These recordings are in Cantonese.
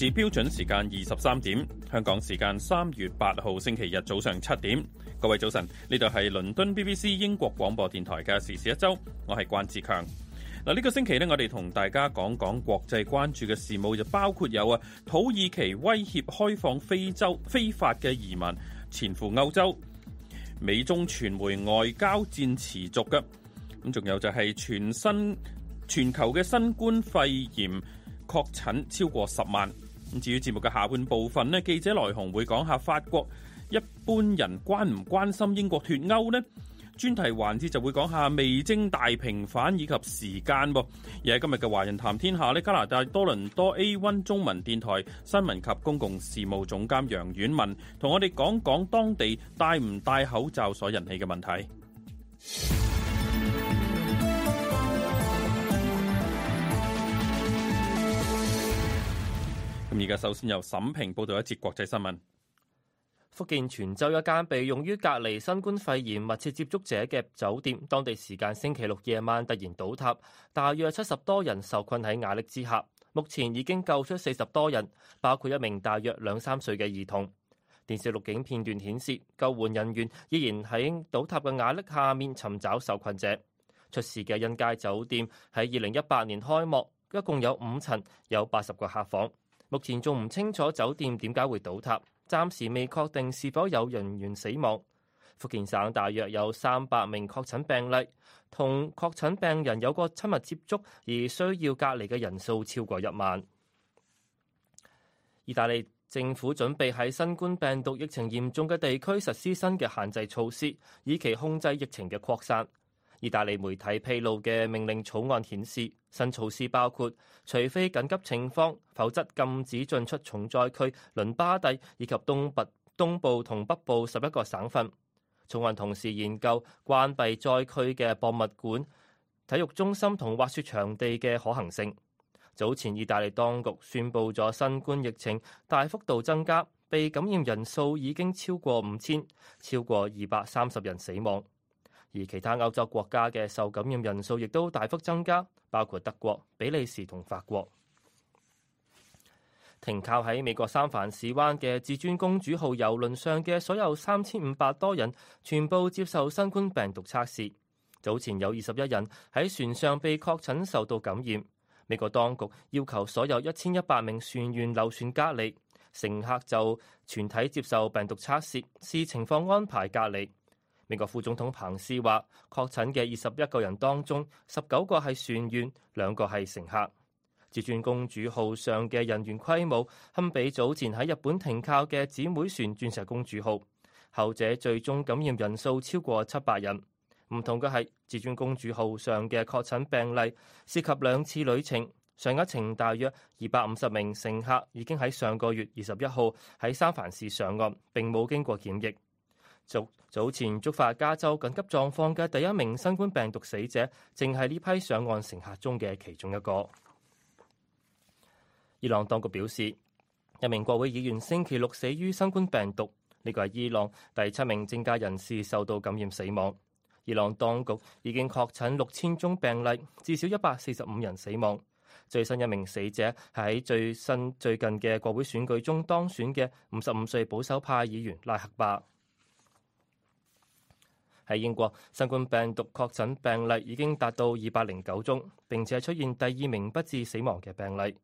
是標準時間二十三點，香港時間三月八號星期日早上七點。各位早晨，呢度係倫敦 BBC 英國廣播電台嘅「時事一周」。我係關志強。嗱，呢個星期呢，我哋同大家講講國際關注嘅事務，就包括有啊土耳其威脅開放非洲非法嘅移民潛赴歐洲、美中傳媒外交戰持續嘅，咁仲有就係全新全球嘅新冠肺炎確診超過十萬。至於節目嘅下半部分咧，記者來紅來鴻會講下法國一般人關唔關心英國脱歐呢？專題環節就會講下味精大平反以及時間喎。而喺今日嘅華人談天下咧，加拿大多倫多 A One 中文電台新聞及公共事務總監楊婉文同我哋講講當地戴唔戴口罩所引起嘅問題。而家首先由沈平報道一節國際新聞，福建泉州一間被用於隔離新冠肺炎密切接觸者嘅酒店，當地時間星期六夜晚突然倒塌，大約七十多人受困喺瓦礫之下。目前已經救出四十多人，包括一名大約兩三歲嘅兒童。電視錄影片段顯示，救援人員依然喺倒塌嘅瓦礫下面尋找受困者。出事嘅印佳酒店喺二零一八年開幕，一共有五層，有八十個客房。目前仲唔清楚酒店點解會倒塌，暫時未確定是否有人員死亡。福建省大約有三百名確診病例，同確診病人有過親密接觸而需要隔離嘅人數超過一萬。意大利政府準備喺新冠病毒疫情嚴重嘅地區實施新嘅限制措施，以期控制疫情嘅擴散。意大利媒體披露嘅命令草案顯示，新措施包括除非緊急情況，否則禁止進出重災區倫巴第以及東北、東部同北部十一個省份。草案同時研究關閉災區嘅博物館、體育中心同滑雪場地嘅可行性。早前意大利當局宣佈咗新冠疫情大幅度增加，被感染人數已經超過五千，超過二百三十人死亡。而其他歐洲國家嘅受感染人數亦都大幅增加，包括德國、比利時同法國。停靠喺美國三藩市灣嘅至尊公主號郵輪上嘅所有三千五百多人，全部接受新冠病毒測試。早前有二十一人喺船上被確診受到感染。美國當局要求所有一千一百名船員留船隔離，乘客就全體接受病毒測試，視情況安排隔離。美國副總統彭斯話：確診嘅二十一個人當中，十九個係船員，兩個係乘客。至尊公主號上嘅人員規模堪比早前喺日本停靠嘅姊妹船鑽石公主號，後者最終感染人數超過七百人。唔同嘅係，至尊公主號上嘅確診病例涉及兩次旅程，上一程大約二百五十名乘客已經喺上個月二十一號喺三藩市上岸，並冇經過檢疫。早前觸發加州緊急狀況嘅第一名新冠病毒死者，正係呢批上岸乘客中嘅其中一個。伊朗當局表示，一名國會議員星期六死於新冠病毒，呢個係伊朗第七名政界人士受到感染死亡。伊朗當局已經確診六千宗病例，至少一百四十五人死亡。最新一名死者係喺最新最近嘅國會選舉中當選嘅五十五歲保守派議員拉克巴。喺英國，新冠病毒確診病例已經達到二百零九宗，並且出現第二名不治死亡嘅病例。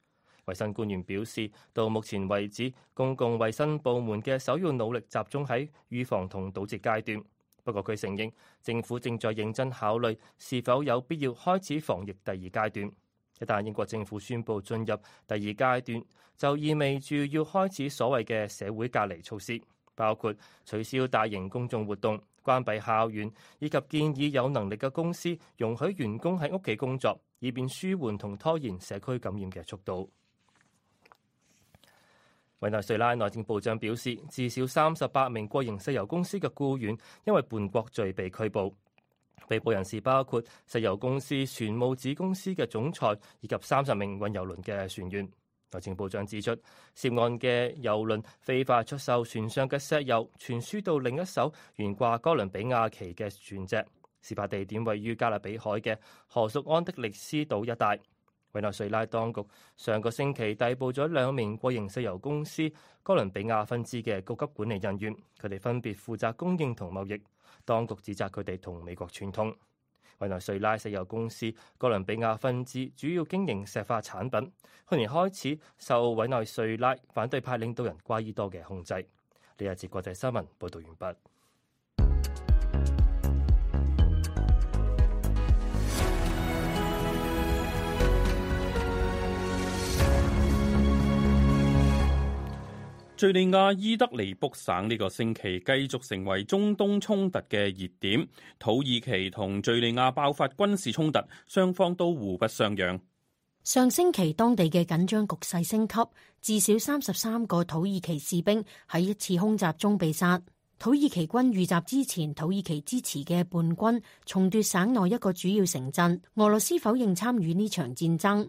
衞生官員表示，到目前為止，公共衞生部門嘅首要努力集中喺預防同堵截階段。不過，佢承認政府正在認真考慮是否有必要開始防疫第二階段。一旦英國政府宣布進入第二階段，就意味住要開始所謂嘅社會隔離措施。包括取消大型公眾活動、關閉校園，以及建議有能力嘅公司容許員工喺屋企工作，以便舒緩同拖延社區感染嘅速度。委內瑞拉內政部長表示，至少三十八名國營石油公司嘅僱員因為叛國罪被拘捕，被捕人士包括石油公司船務子公司嘅總裁以及三十名運油輪嘅船員。內政部長指出，涉案嘅油輪非法出售船上嘅石油，傳輸到另一艘懸掛哥倫比亞旗嘅船隻。事發地點位於加勒比海嘅荷屬安的列斯島一帶。委內瑞拉當局上個星期逮捕咗兩名國營石油公司哥倫比亞分支嘅高級管理人員，佢哋分別負責供應同貿易。當局指責佢哋同美國串通。委內瑞拉石油公司哥倫比亞分支主要經營石化產品，去年開始受委內瑞拉反對派領導人瓜伊多嘅控制。呢日節國際新聞報道完畢。敘利亞伊德利卜省呢個星期繼續成為中東衝突嘅熱點，土耳其同敘利亞爆發軍事衝突，雙方都互不相讓。上星期當地嘅緊張局勢升級，至少三十三個土耳其士兵喺一次空襲中被殺。土耳其軍遇襲之前，土耳其支持嘅叛軍重奪省內一個主要城鎮。俄羅斯否認參與呢場戰爭。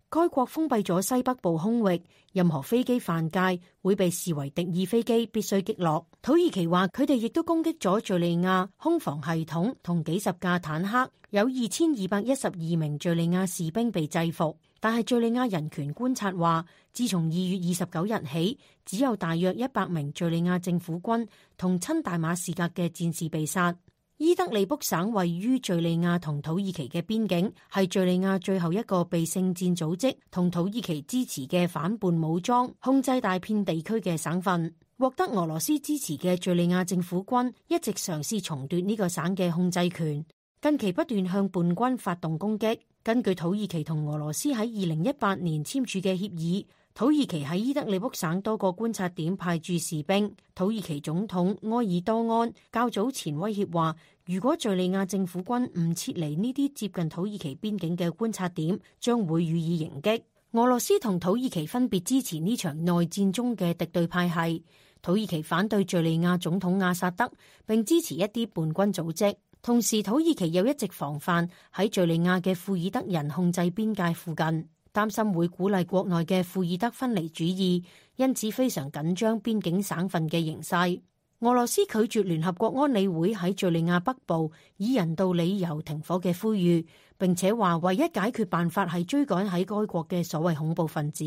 該國封閉咗西北部空域，任何飛機犯界會被視為敵意飛機，必須擊落。土耳其話佢哋亦都攻擊咗敘利亞空防系統同幾十架坦克，有二千二百一十二名敘利亞士兵被製服。但係敘利亞人權觀察話，自從二月二十九日起，只有大約一百名敘利亞政府軍同親大馬士革嘅戰士被殺。伊德利卜省位於敘利亞同土耳其嘅邊境，係敘利亞最後一個被聖戰組織同土耳其支持嘅反叛武裝控制大片地區嘅省份。獲得俄羅斯支持嘅敘利亞政府軍一直嘗試重奪呢個省嘅控制權，近期不斷向叛軍發動攻擊。根據土耳其同俄羅斯喺二零一八年簽署嘅協議。土耳其喺伊德利卜省多個觀察點派駐士兵。土耳其總統埃爾多安較早前威脅話，如果敘利亞政府軍唔撤離呢啲接近土耳其邊境嘅觀察點，將會予以迎擊。俄羅斯同土耳其分別支持呢場內戰中嘅敵對派系。土耳其反對敘利亞總統阿薩德，並支持一啲叛軍組織。同時，土耳其又一直防範喺敘利亞嘅庫爾德人控制邊界附近。擔心會鼓勵國內嘅庫爾德分離主義，因此非常緊張邊境省份嘅形勢。俄羅斯拒絕聯合國安理會喺敘利亞北部以人道理由停火嘅呼籲，並且話唯一解決辦法係追趕喺該國嘅所謂恐怖分子。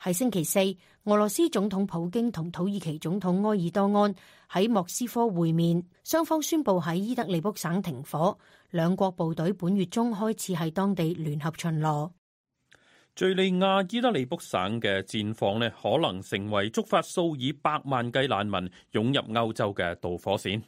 喺星期四，俄羅斯總統普京同土耳其總統埃爾多安喺莫斯科會面，雙方宣佈喺伊德利卜省停火，兩國部隊本月中開始喺當地聯合巡邏。敘利亞伊德利卜省嘅戰況呢，可能成為觸發數以百萬計難民湧入歐洲嘅導火線。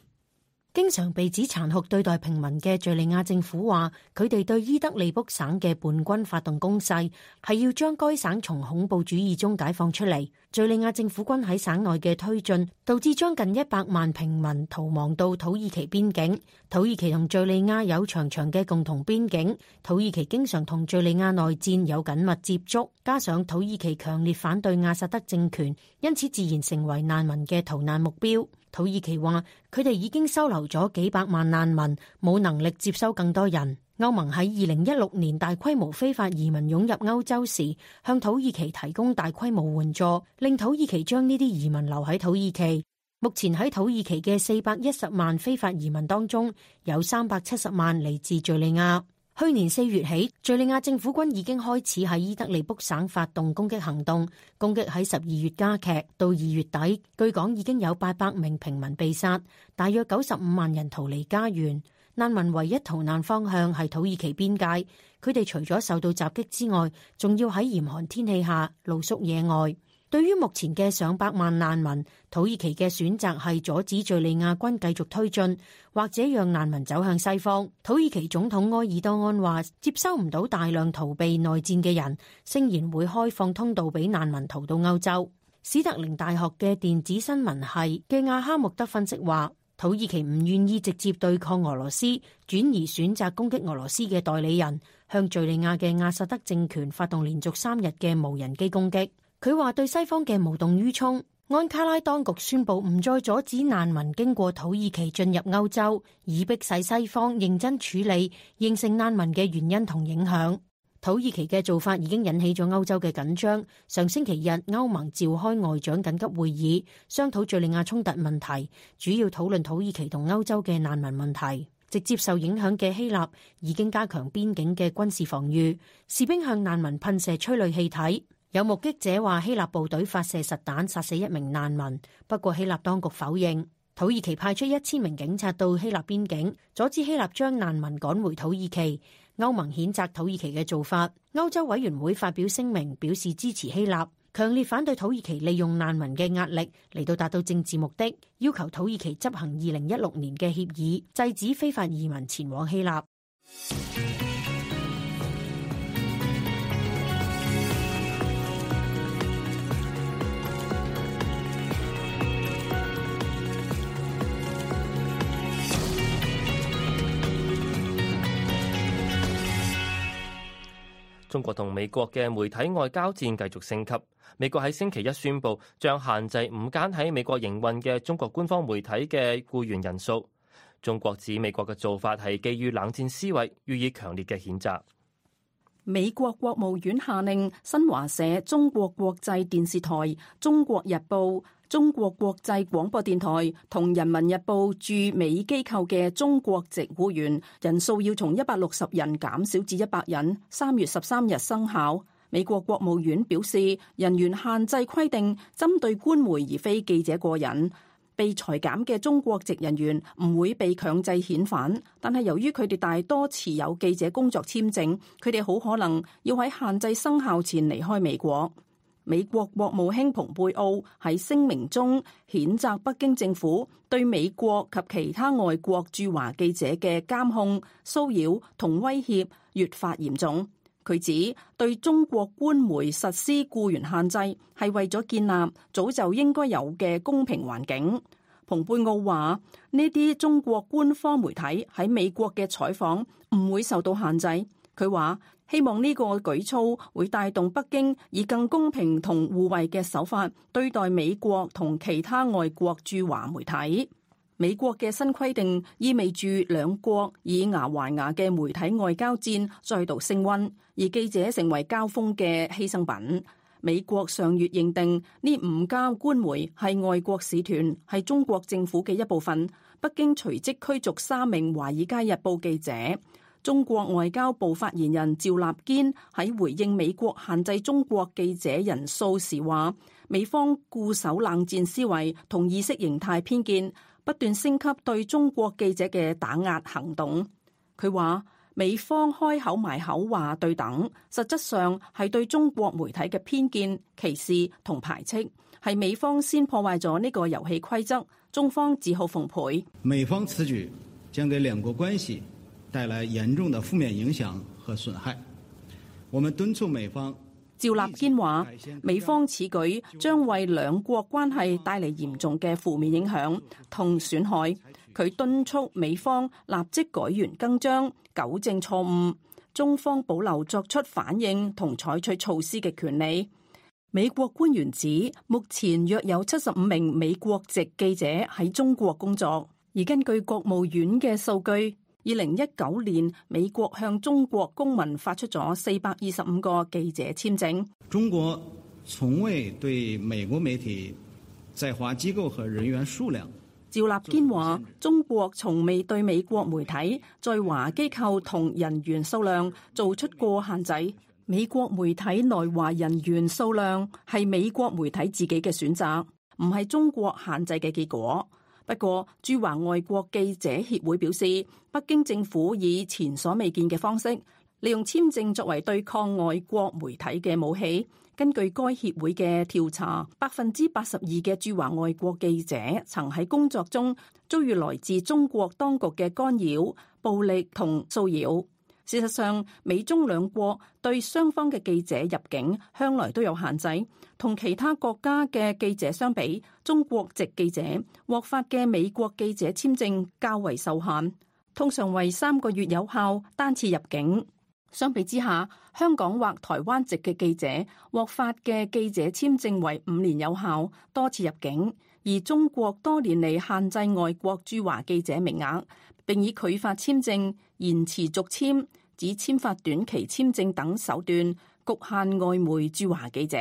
經常被指殘酷對待平民嘅敘利亞政府話，佢哋對伊德利卜省嘅叛軍發動攻勢，係要將該省從恐怖主義中解放出嚟。敘利亞政府軍喺省內嘅推進，導致將近一百萬平民逃亡到土耳其邊境。土耳其同敘利亞有長長嘅共同邊境，土耳其經常同敘利亞內戰有緊密接觸，加上土耳其強烈反對阿薩德政權，因此自然成為難民嘅逃難目標。土耳其話，佢哋已經收留咗幾百萬難民，冇能力接收更多人。歐盟喺二零一六年大規模非法移民湧入歐洲時，向土耳其提供大規模援助，令土耳其將呢啲移民留喺土耳其。目前喺土耳其嘅四百一十萬非法移民當中，有三百七十萬嚟自敘利亞。去年四月起，敘利亞政府軍已經開始喺伊德利卜省發動攻擊行動，攻擊喺十二月加劇，到二月底，據講已經有八百名平民被殺，大約九十五萬人逃離家園。難民唯一逃難方向係土耳其邊界，佢哋除咗受到襲擊之外，仲要喺嚴寒天氣下露宿野外。對於目前嘅上百萬難民，土耳其嘅選擇係阻止敘利亞軍繼續推進，或者讓難民走向西方。土耳其總統埃爾多安話，接收唔到大量逃避內戰嘅人，聲言會開放通道俾難民逃到歐洲。史特靈大學嘅電子新聞係嘅阿哈木德分析話，土耳其唔願意直接對抗俄羅斯，轉而選擇攻擊俄羅斯嘅代理人，向敘利亞嘅阿薩德政權發動連續三日嘅無人機攻擊。佢話對西方嘅無動於衷，安卡拉當局宣布唔再阻止難民經過土耳其進入歐洲，以迫使西方認真處理形成難民嘅原因同影響。土耳其嘅做法已經引起咗歐洲嘅緊張。上星期日，歐盟召開外長緊急會議，商討敘利亞衝突問題，主要討論土耳其同歐洲嘅難民問題。直接受影響嘅希臘已經加強邊境嘅軍事防禦，士兵向難民噴射催淚氣體。有目擊者話希臘部隊發射實彈殺死一名難民，不過希臘當局否認。土耳其派出一千名警察到希臘邊境，阻止希臘將難民趕回土耳其。歐盟譴責土耳其嘅做法，歐洲委員會發表聲明表示支持希臘，強烈反對土耳其利用難民嘅壓力嚟到達到政治目的，要求土耳其執行二零一六年嘅協議，制止非法移民前往希臘。中國同美國嘅媒體外交戰繼續升級。美國喺星期一宣布，將限制五間喺美國營運嘅中國官方媒體嘅僱員人數。中國指美國嘅做法係基於冷戰思維，予以強烈嘅譴責。美國國務院下令新華社、中國國際電視台、中國日報、中國國際廣播電台同人民日報駐美機構嘅中國籍僱員人數要從一百六十人減少至一百人，三月十三日生效。美國國務院表示，人員限制規定針對官媒而非記者個人。被裁減嘅中國籍人員唔會被強制遣返，但係由於佢哋大多持有記者工作簽證，佢哋好可能要喺限制生效前離開美國。美國國務卿蓬佩奧喺聲明中譴責北京政府對美國及其他外國駐華記者嘅監控、騷擾同威脅越發嚴重。佢指對中國官媒實施僱員限制，係為咗建立早就應該有嘅公平環境。蓬佩奧話：呢啲中國官方媒體喺美國嘅採訪唔會受到限制。佢話希望呢個舉措會帶動北京以更公平同互惠嘅手法對待美國同其他外國駐華媒體。美國嘅新規定意味住兩國以牙還牙嘅媒體外交戰再度升溫。而記者成為交鋒嘅犧牲品。美國上月認定呢五家官媒係外國使團，係中國政府嘅一部分。北京隨即驅逐三名《華爾街日報》記者。中國外交部發言人趙立堅喺回應美國限制中國記者人數時話，美方固守冷戰思維同意識形態偏見，不斷升級對中國記者嘅打壓行動。佢話：美方開口埋口話對等，實質上係對中國媒體嘅偏見、歧視同排斥，係美方先破壞咗呢個遊戲規則，中方只好奉陪。美方此舉將給兩國關係帶來嚴重的負面影響和損害。我們敦促美方。趙立堅話：美方此舉將為兩國關係帶嚟嚴重嘅負面影響同損害。佢敦促美方立即改弦更張，糾正錯誤。中方保留作出反應同採取措施嘅權利。美國官員指，目前約有七十五名美國籍記者喺中國工作，而根據國務院嘅數據，二零一九年美國向中國公民發出咗四百二十五個記者簽證。中國從未對美國媒體在華機構和人員數量。趙立堅話：中國從未對美國媒體在華機構同人員數量做出過限制。美國媒體內華人員數量係美國媒體自己嘅選擇，唔係中國限制嘅結果。不過，駐華外國記者協會表示，北京政府以前所未見嘅方式，利用簽證作為對抗外國媒體嘅武器。根據該協會嘅調查，百分之八十二嘅駐華外國記者曾喺工作中遭遇來自中國當局嘅干擾、暴力同騷擾。事實上，美中兩國對雙方嘅記者入境向來都有限制。同其他國家嘅記者相比，中國籍記者獲發嘅美國記者簽證較為受限，通常為三個月有效單次入境。相比之下，香港或台灣籍嘅記者獲發嘅記者簽證為五年有效，多次入境；而中國多年嚟限制外國駐華記者名額，並以拒發簽證、延遲續簽、只簽發短期簽證等手段局限外媒駐華記者。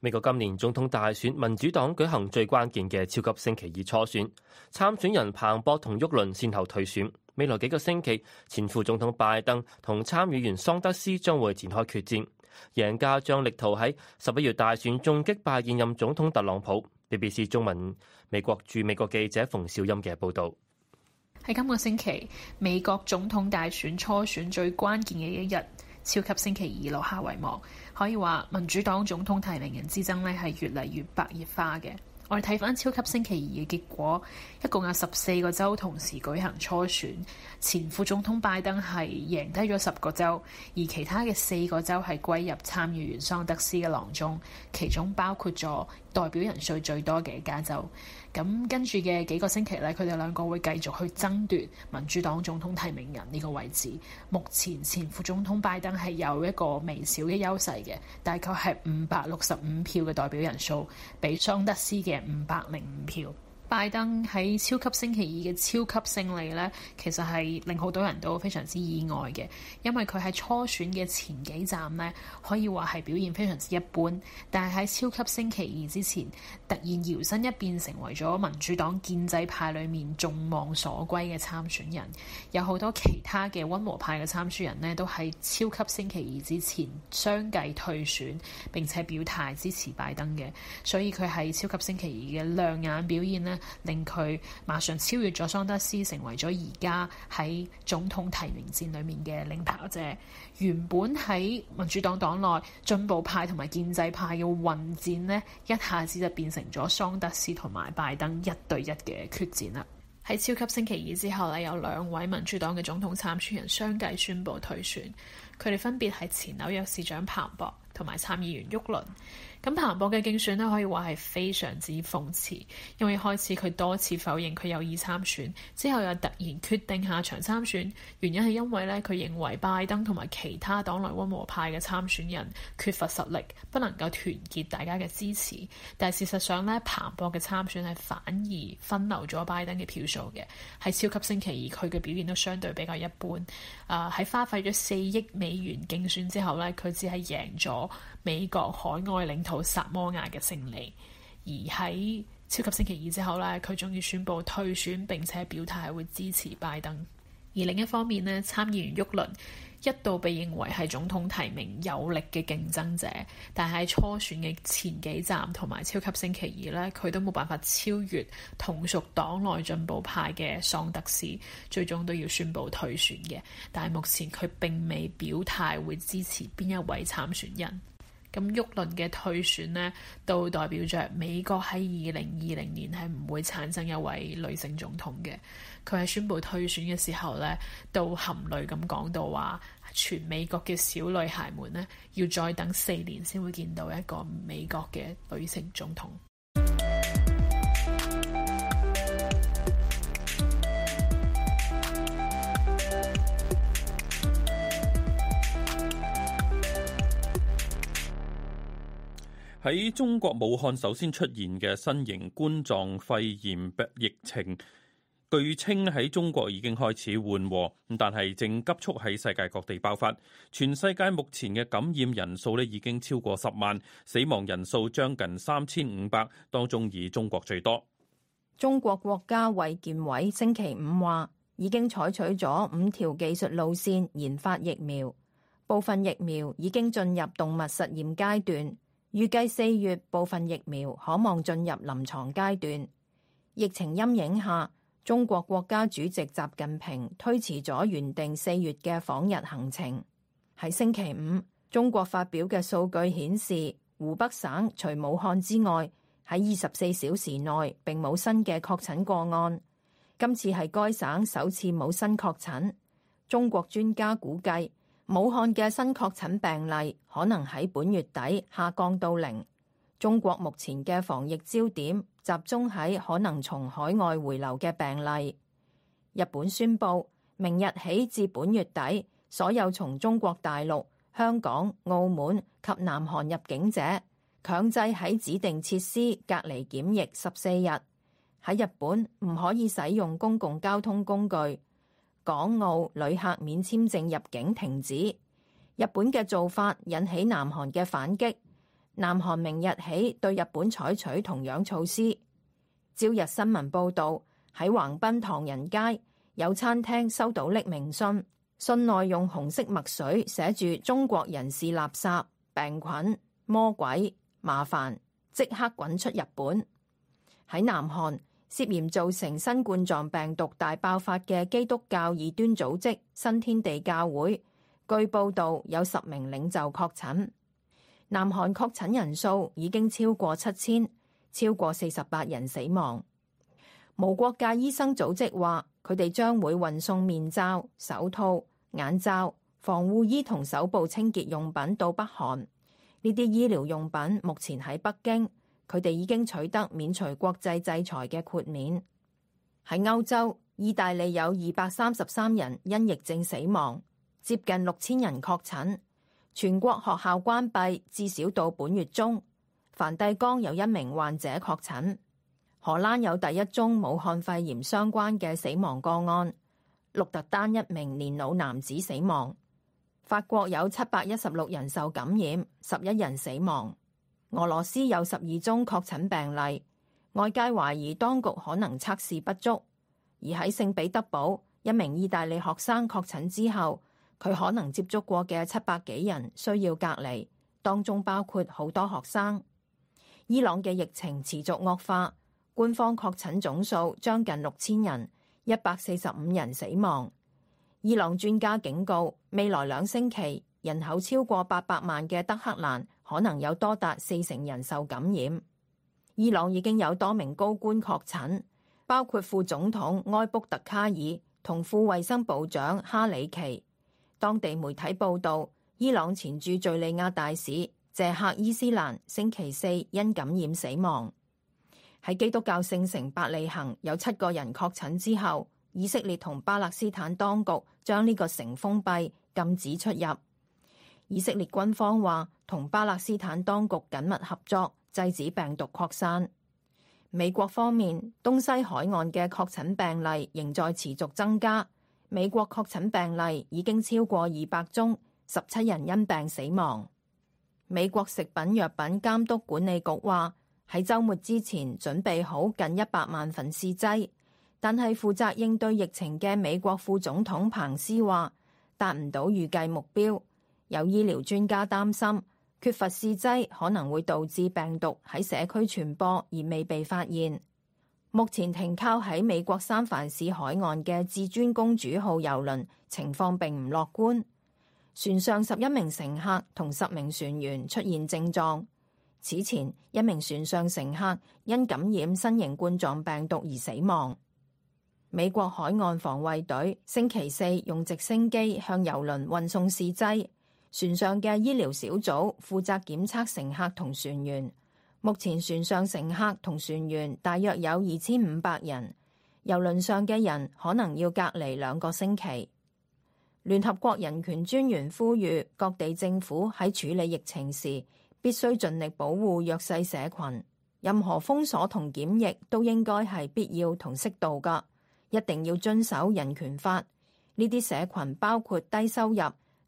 美國今年總統大選，民主黨舉行最關鍵嘅超級星期二初選，參選人彭博同沃倫先後退選。未來幾個星期，前副總統拜登同參議員桑德斯將會展開決戰，贏家將力圖喺十一月大選中擊敗現任總統特朗普。BBC 中文美國駐美國記者馮紹欽嘅報道：喺今個星期，美國總統大選初選最關鍵嘅一日——超級星期二落下帷幕，可以話民主黨總統提名人之爭呢係越嚟越白熱化嘅。我哋睇翻超級星期二嘅結果，一共有十四個州同時舉行初選，前副總統拜登係贏低咗十個州，而其他嘅四個州係歸入參議員桑德斯嘅囊中，其中包括咗代表人數最多嘅加州。咁跟住嘅幾個星期呢，佢哋兩個會繼續去爭奪民主黨總統提名人呢個位置。目前前副總統拜登係有一個微小嘅優勢嘅，大概係五百六十五票嘅代表人數，比桑德斯嘅五百零五票。拜登喺超級星期二嘅超級勝利呢，其實係令好多人都非常之意外嘅，因為佢喺初選嘅前幾站呢，可以話係表現非常之一般，但係喺超級星期二之前，突然搖身一變成為咗民主黨建制派裡面眾望所歸嘅參選人。有好多其他嘅溫和派嘅參選人呢，都喺超級星期二之前相繼退選，並且表態支持拜登嘅，所以佢喺超級星期二嘅亮眼表現呢，令佢馬上超越咗桑德斯，成為咗而家喺總統提名戰裡面嘅領跑者。原本喺民主黨黨內進步派同埋建制派嘅混戰呢，一下子就變成咗桑德斯同埋拜登一對一嘅決戰啦。喺超級星期二之後呢，有兩位民主黨嘅總統參選人相繼宣布退選，佢哋分別係前紐約市長彭博同埋參議員沃倫。咁彭博嘅競選咧，可以話係非常之諷刺，因為開始佢多次否認佢有意參選，之後又突然決定下場參選，原因係因為咧佢認為拜登同埋其他黨內温和派嘅參選人缺乏實力，不能夠團結大家嘅支持。但係事實上呢，彭博嘅參選係反而分流咗拜登嘅票數嘅，喺超級星期二佢嘅表現都相對比較一般。啊、呃，喺花費咗四億美元競選之後呢，佢只係贏咗美國海外領土薩摩亞嘅勝利，而喺超級星期二之後呢，佢終於宣布退選，並且表態係會支持拜登。而另一方面呢，參議員沃倫一度被認為係總統提名有力嘅競爭者，但係初選嘅前幾站同埋超級星期二呢，佢都冇辦法超越同屬黨內進步派嘅桑德斯，最終都要宣布退選嘅。但係目前佢並未表態會支持邊一位參選人。咁沃倫嘅退選呢，都代表着美國喺二零二零年係唔會產生一位女性總統嘅。佢係宣布退選嘅時候呢，都含淚咁講到話，全美國嘅小女孩們呢，要再等四年先會見到一個美國嘅女性總統。喺中國武漢首先出現嘅新型冠狀肺炎疫情，據稱喺中國已經開始緩和，但係正急速喺世界各地爆發。全世界目前嘅感染人數呢已經超過十萬，死亡人數將近三千五百，當中以中國最多。中國國家衛健委星期五話，已經採取咗五條技術路線研發疫苗，部分疫苗已經進入動物實驗階段。預計四月部分疫苗可望進入臨牀階段。疫情陰影下，中國國家主席習近平推遲咗原定四月嘅訪日行程。喺星期五，中國發表嘅數據顯示，湖北省除武漢之外，喺二十四小時內並冇新嘅確診個案。今次係該省首次冇新確診。中國專家估計。武漢嘅新確診病例可能喺本月底下降到零。中國目前嘅防疫焦點集中喺可能從海外回流嘅病例。日本宣佈明日起至本月底，所有從中國大陸、香港、澳門及南韓入境者強制喺指定設施隔離檢疫十四日。喺日本唔可以使用公共交通工具。港澳旅客免簽證入境停止，日本嘅做法引起南韓嘅反擊，南韓明日起對日本採取同樣措施。朝日新聞報道喺橫濱唐人街有餐廳收到匿名信，信內用紅色墨水寫住中國人是垃圾、病菌、魔鬼、麻煩，即刻滾出日本。喺南韓，涉嫌造成新冠狀病毒大爆發嘅基督教異端組織新天地教會，據報道有十名領袖確診。南韓確診人數已經超過七千，超過四十八人死亡。無國界醫生組織話，佢哋將會運送面罩、手套、眼罩、防護衣同手部清潔用品到北韓。呢啲醫療用品目前喺北京。佢哋已經取得免除國際制裁嘅豁免。喺歐洲，意大利有二百三十三人因疫症死亡，接近六千人確診。全國學校關閉，至少到本月中。梵蒂岡有一名患者確診。荷蘭有第一宗武漢肺炎相關嘅死亡個案。鹿特丹一名年老男子死亡。法國有七百一十六人受感染，十一人死亡。俄羅斯有十二宗確診病例，外界懷疑當局可能測試不足。而喺聖彼得堡，一名意大利學生確診之後，佢可能接觸過嘅七百幾人需要隔離，當中包括好多學生。伊朗嘅疫情持續惡化，官方確診總數將近六千人，一百四十五人死亡。伊朗專家警告，未來兩星期，人口超過八百萬嘅德黑蘭，可能有多達四成人受感染。伊朗已經有多名高官確診，包括副總統埃卜特卡爾同副衛生部長哈里奇。當地媒體報道，伊朗前駐敘利亞大使謝克伊斯蘭星期四因感染死亡。喺基督教聖城伯利恆有七個人確診之後，以色列同巴勒斯坦當局將呢個城封閉，禁止出入。以色列軍方話，同巴勒斯坦當局緊密合作，制止病毒擴散。美國方面，東西海岸嘅確診病例仍在持續增加。美國確診病例已經超過二百宗，十七人因病死亡。美國食品藥品監督管理局話，喺周末之前準備好近一百萬份試劑，但係負責應對疫情嘅美國副總統彭斯話，達唔到預計目標。有醫療專家擔心缺乏試劑可能會導致病毒喺社區傳播而未被發現。目前停靠喺美國三藩市海岸嘅至尊公主號郵輪情況並唔樂觀，船上十一名乘客同十名船員出現症狀。此前一名船上乘客因感染新型冠狀病毒而死亡。美國海岸防衛隊星期四用直升機向郵輪運送試劑。船上嘅醫療小組負責檢測乘客同船員。目前船上乘客同船員大約有二千五百人。郵輪上嘅人可能要隔離兩個星期。聯合國人權專員呼籲各地政府喺處理疫情時，必須盡力保護弱勢社群。任何封鎖同檢疫都應該係必要同適度嘅，一定要遵守人權法。呢啲社群包括低收入。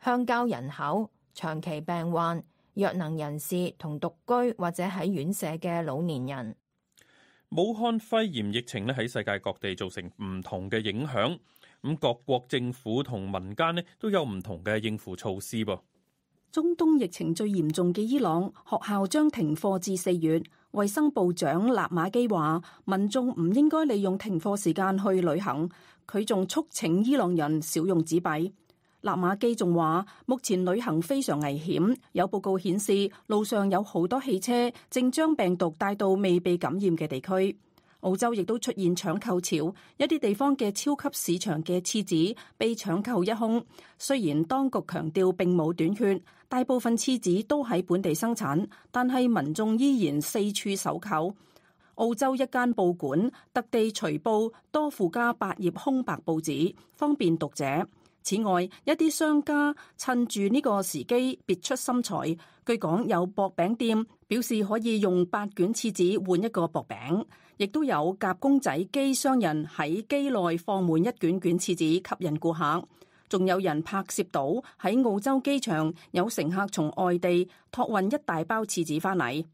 鄉郊人口、長期病患、弱能人士同獨居或者喺院舍嘅老年人。武漢肺炎疫情呢喺世界各地造成唔同嘅影響，咁各國政府同民間呢都有唔同嘅應付措施噃。中東疫情最嚴重嘅伊朗學校將停課至四月，衛生部長納馬基話：民眾唔應該利用停課時間去旅行。佢仲促請伊朗人少用紙幣。納馬基仲話：目前旅行非常危險，有報告顯示路上有好多汽車正將病毒帶到未被感染嘅地區。澳洲亦都出現搶購潮，一啲地方嘅超級市場嘅廁紙被搶購一空。雖然當局強調並冇短缺，大部分廁紙都喺本地生產，但係民眾依然四處搜購。澳洲一間報館特地隨報多附加八頁空白報紙，方便讀者。此外，一啲商家趁住呢個時機別出心裁，據講有薄餅店表示可以用八卷廁紙換一個薄餅，亦都有夾公仔機商人喺機內放滿一卷卷廁紙吸引顧客，仲有人拍攝到喺澳洲機場有乘客從外地託運一大包廁紙翻嚟。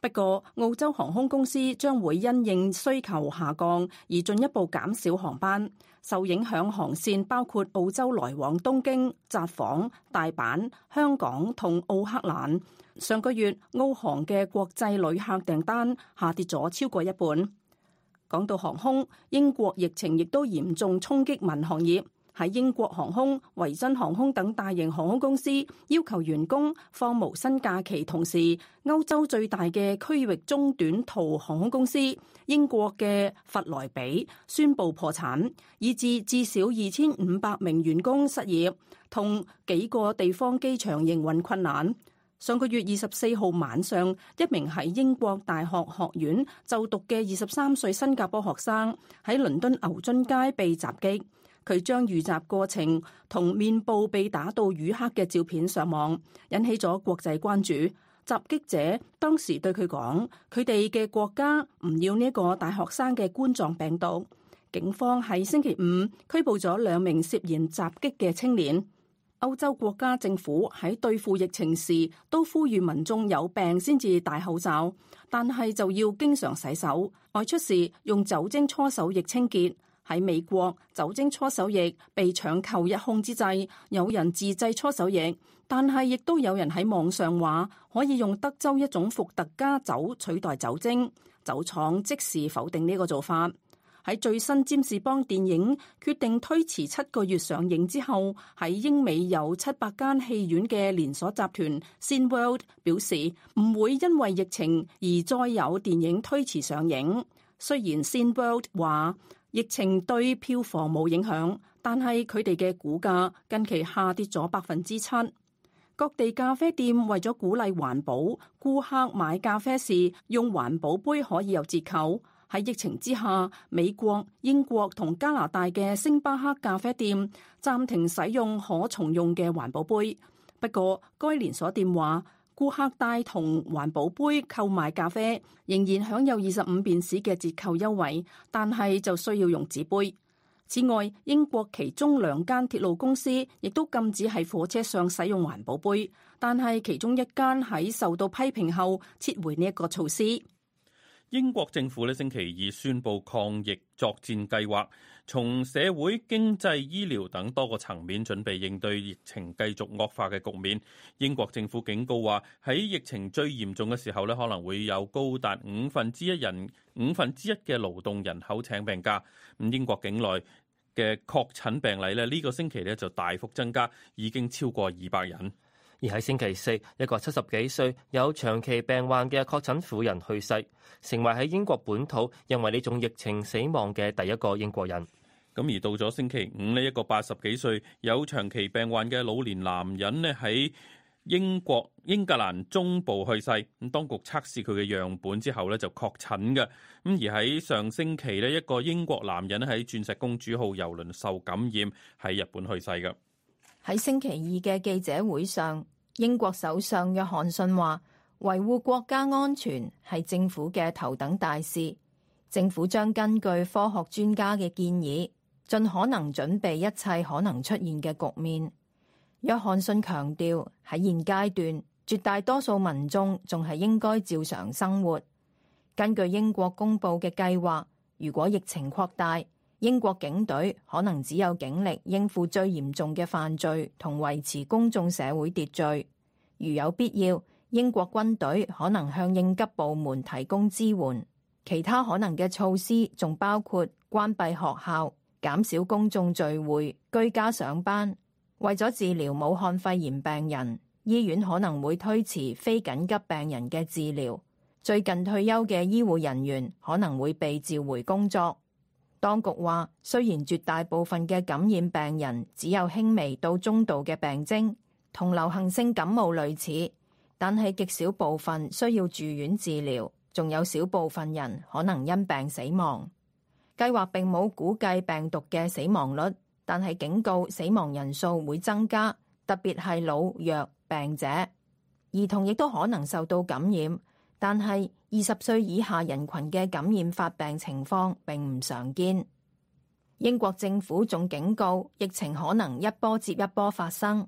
不過，澳洲航空公司將會因應需求下降而進一步減少航班。受影響航線包括澳洲來往東京、札幌、大阪、香港同奧克蘭。上個月澳航嘅國際旅客訂單下跌咗超過一半。講到航空，英國疫情亦都嚴重衝擊民航業。喺英國航空、維珍航空等大型航空公司要求員工放無薪假期，同時歐洲最大嘅區域中短途航空公司英國嘅弗萊比宣布破產，以至至少二千五百名員工失業，同幾個地方機場營運困難。上個月二十四號晚上，一名喺英國大學學院就讀嘅二十三歲新加坡學生喺倫敦牛津街被襲擊。佢將遇襲過程同面部被打到淤黑嘅照片上網，引起咗國際關注。襲擊者當時對佢講：佢哋嘅國家唔要呢個大學生嘅冠狀病毒。警方喺星期五拘捕咗兩名涉嫌襲擊嘅青年。歐洲國家政府喺對付疫情時都呼籲民眾有病先至戴口罩，但係就要經常洗手，外出時用酒精搓手液清潔。喺美國酒精搓手液被搶購一空之際，有人自製搓手液，但係亦都有人喺網上話可以用德州一種伏特加酒取代酒精。酒廠即時否定呢個做法。喺最新《占士邦》電影決定推遲七個月上映之後，喺英美有七百間戲院嘅連鎖集團 Cineworld 表示唔會因為疫情而再有電影推遲上映。雖然 Cineworld 話。疫情對票房冇影響，但係佢哋嘅股價近期下跌咗百分之七。各地咖啡店為咗鼓勵環保，顧客買咖啡時用環保杯可以有折扣。喺疫情之下，美國、英國同加拿大嘅星巴克咖啡店暫停使用可重用嘅環保杯。不過，該連鎖店話。顧客帶同環保杯購買咖啡，仍然享有二十五便士嘅折扣優惠，但係就需要用紙杯。此外，英國其中兩間鐵路公司亦都禁止喺火車上使用環保杯，但係其中一間喺受到批評後撤回呢一個措施。英國政府咧星期二宣布抗疫作戰計劃，從社會、經濟、醫療等多個層面準備應對疫情繼續惡化嘅局面。英國政府警告話，喺疫情最嚴重嘅時候咧，可能會有高達五分之一人、五分之一嘅勞動人口請病假。英國境內嘅確診病例咧，呢個星期咧就大幅增加，已經超過二百人。而喺星期四，一個七十幾歲有長期病患嘅確診婦人去世，成為喺英國本土因為呢種疫情死亡嘅第一個英國人。咁而到咗星期五呢，一個八十幾歲有長期病患嘅老年男人呢，喺英國英格蘭中部去世。咁當局測試佢嘅樣本之後呢，就確診嘅。咁而喺上星期呢，一個英國男人喺《鑽石公主號》郵輪受感染喺日本去世嘅。喺星期二嘅記者會上，英國首相約翰遜話，維護國家安全係政府嘅頭等大事。政府將根據科學專家嘅建議，盡可能準備一切可能出現嘅局面。約翰遜強調，喺現階段，絕大多數民眾仲係應該照常生活。根據英國公布嘅計劃，如果疫情擴大，英國警隊可能只有警力應付最嚴重嘅犯罪同維持公眾社會秩序。如有必要，英國軍隊可能向應急部門提供支援。其他可能嘅措施仲包括關閉學校、減少公眾聚會、居家上班。為咗治療武漢肺炎病人，醫院可能會推遲非緊急病人嘅治療。最近退休嘅醫護人員可能會被召回工作。當局話，雖然絕大部分嘅感染病人只有輕微到中度嘅病徵，同流行性感冒類似，但係極少部分需要住院治療，仲有少部分人可能因病死亡。計劃並冇估計病毒嘅死亡率，但係警告死亡人數會增加，特別係老弱病者。兒童亦都可能受到感染，但係。二十歲以下人群嘅感染發病情況並唔常見。英國政府仲警告，疫情可能一波接一波發生。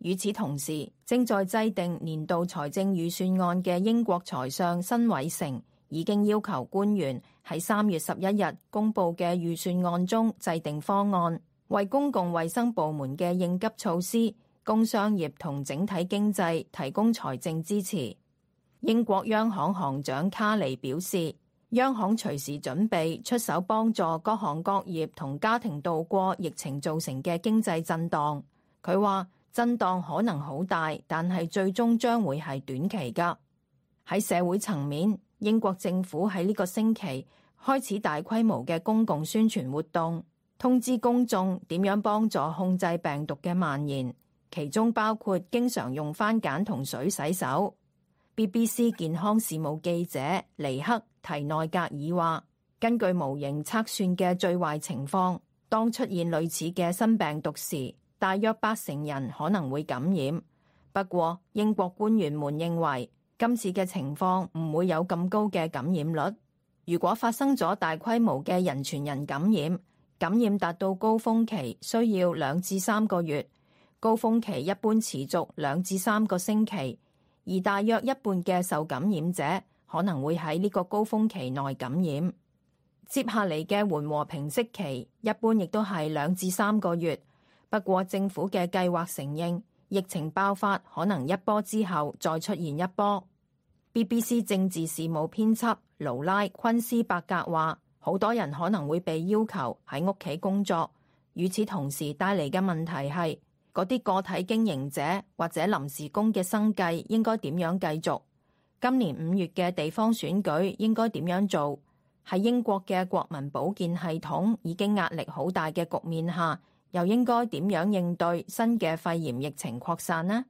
與此同時，正在制定年度財政預算案嘅英國財相辛偉誠已經要求官員喺三月十一日公布嘅預算案中制定方案，為公共衛生部門嘅應急措施、工商業同整體經濟提供財政支持。英國央行行長卡尼表示，央行隨時準備出手幫助各行各業同家庭度過疫情造成嘅經濟震盪。佢話震盪可能好大，但係最終將會係短期噶。喺社會層面，英國政府喺呢個星期開始大規模嘅公共宣傳活動，通知公眾點樣幫助控制病毒嘅蔓延，其中包括經常用番梘同水洗手。BBC 健康事務記者尼克提內格爾話，根據模型測算嘅最壞情況，當出現類似嘅新病毒時，大約八成人可能會感染。不過，英國官員們認為今次嘅情況唔會有咁高嘅感染率。如果發生咗大規模嘅人傳人感染，感染達到高峰期需要兩至三個月，高峰期一般持續兩至三個星期。而大約一半嘅受感染者可能會喺呢個高峰期內感染，接下嚟嘅緩和平息期一般亦都係兩至三個月。不過政府嘅計劃承認疫情爆發可能一波之後再出現一波。BBC 政治事務編輯勞拉昆斯伯格話，好多人可能會被要求喺屋企工作，與此同時帶嚟嘅問題係：嗰啲個體經營者或者臨時工嘅生計應該點樣繼續？今年五月嘅地方選舉應該點樣做？喺英國嘅國民保健系統已經壓力好大嘅局面下，又應該點樣應對新嘅肺炎疫情擴散呢？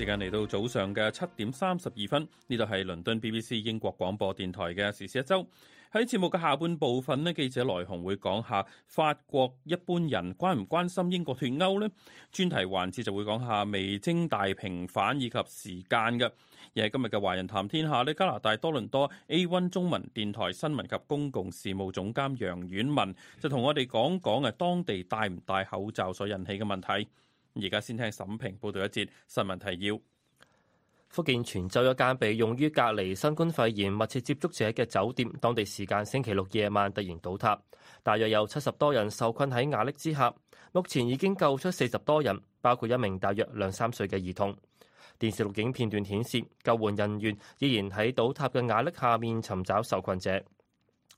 時間嚟到早上嘅七點三十二分，呢度係倫敦 BBC 英國廣播電台嘅時事一周。喺節目嘅下半部分呢，記者來雄會講下法國一般人關唔關心英國脫歐呢，專題環節就會講下味精大平反以及時間嘅。而係今日嘅華人談天下呢，加拿大多倫多 A One 中文電台新聞及公共事務總監楊婉文就同我哋講講誒，當地戴唔戴口罩所引起嘅問題。而家先聽沈平報道一節新聞提要。福建泉州一間被用於隔離新冠肺炎密切接觸者嘅酒店，當地時間星期六夜晚突然倒塌，大約有七十多人受困喺瓦礫之下。目前已經救出四十多人，包括一名大約兩三歲嘅兒童。電視錄影片段顯示，救援人員依然喺倒塌嘅瓦礫下面尋找受困者。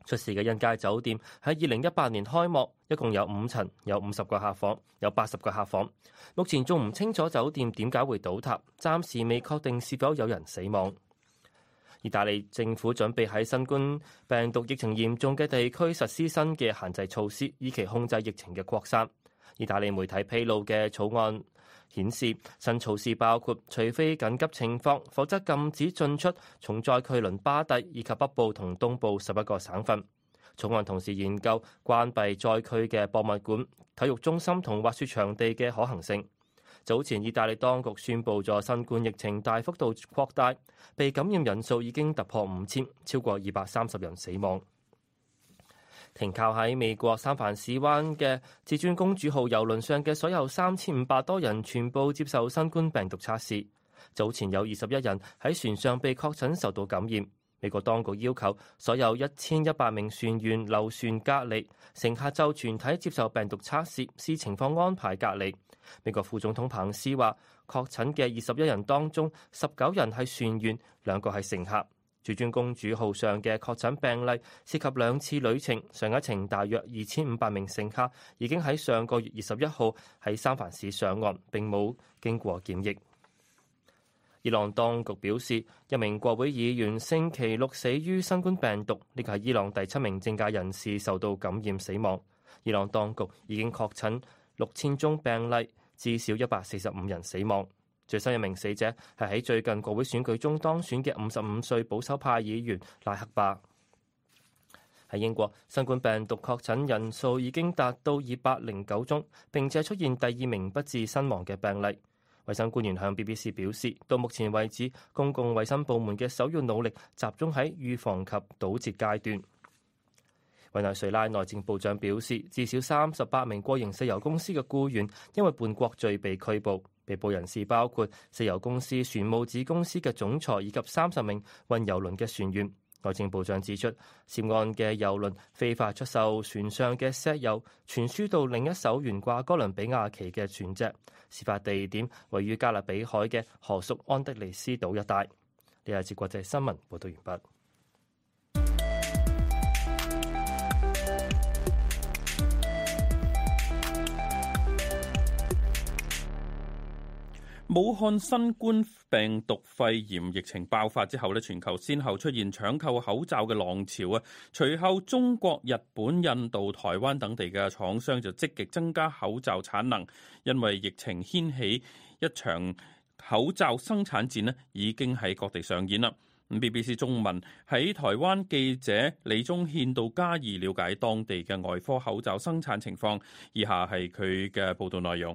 出事嘅印加酒店喺二零一八年開幕，一共有五層，有五十個客房，有八十個客房。目前仲唔清楚酒店點解會倒塌，暫時未確定是否有人死亡。意大利政府準備喺新冠病毒疫情嚴重嘅地區實施新嘅限制措施，以期控制疫情嘅擴散。意大利媒體披露嘅草案顯示，新措施包括除非緊急情況，否則禁止進出重災區倫巴蒂以及北部同東部十一個省份。草案同時研究關閉災區嘅博物館、體育中心同滑雪場地嘅可行性。早前意大利當局宣布咗新冠疫情大幅度擴大，被感染人數已經突破五千，超過二百三十人死亡。停靠喺美國三藩市灣嘅至尊公主號郵輪上嘅所有三千五百多人全部接受新冠病毒測試。早前有二十一人喺船上被確診受到感染。美國當局要求所有一千一百名船員留船隔離，乘客就全體接受病毒測試，視情況安排隔離。美國副總統彭斯話，確診嘅二十一人當中，十九人係船員，兩個係乘客。至尊公主號上嘅確診病例涉及兩次旅程，上一程大約二千五百名乘客已經喺上個月二十一號喺三藩市上岸，並冇經過檢疫。伊朗當局表示，一名國會議員星期六死於新冠病毒，呢個係伊朗第七名政界人士受到感染死亡。伊朗當局已經確診六千宗病例，至少一百四十五人死亡。最新一名死者係喺最近國會選舉中當選嘅五十五歲保守派議員賴克巴。喺英國，新冠病毒確診人數已經達到二百零九宗，並且出現第二名不治身亡嘅病例。衛生官員向 BBC 表示，到目前為止，公共衛生部門嘅首要努力集中喺預防及堵截階段。委內瑞拉內政部長表示，至少三十八名國營石油公司嘅僱員因為叛國罪被拘捕，被捕人士包括石油公司船務子公司嘅總裁以及三十名運油輪嘅船員。內政部長指出，涉案嘅油輪非法出售船上嘅石油，傳輸到另一艘懸掛哥倫比亞旗嘅船隻。事發地點位於加勒比海嘅荷屬安德烈斯島一帶。呢一次國際新聞報道完畢。武漢新冠病毒肺炎疫情爆發之後咧，全球先後出現搶購口罩嘅浪潮啊！隨後，中國、日本、印度、台灣等地嘅廠商就積極增加口罩產能，因為疫情掀起一場口罩生產戰呢已經喺各地上演啦。咁 BBC 中文喺台灣記者李宗憲度加以了解當地嘅外科口罩生產情況，以下係佢嘅報道內容。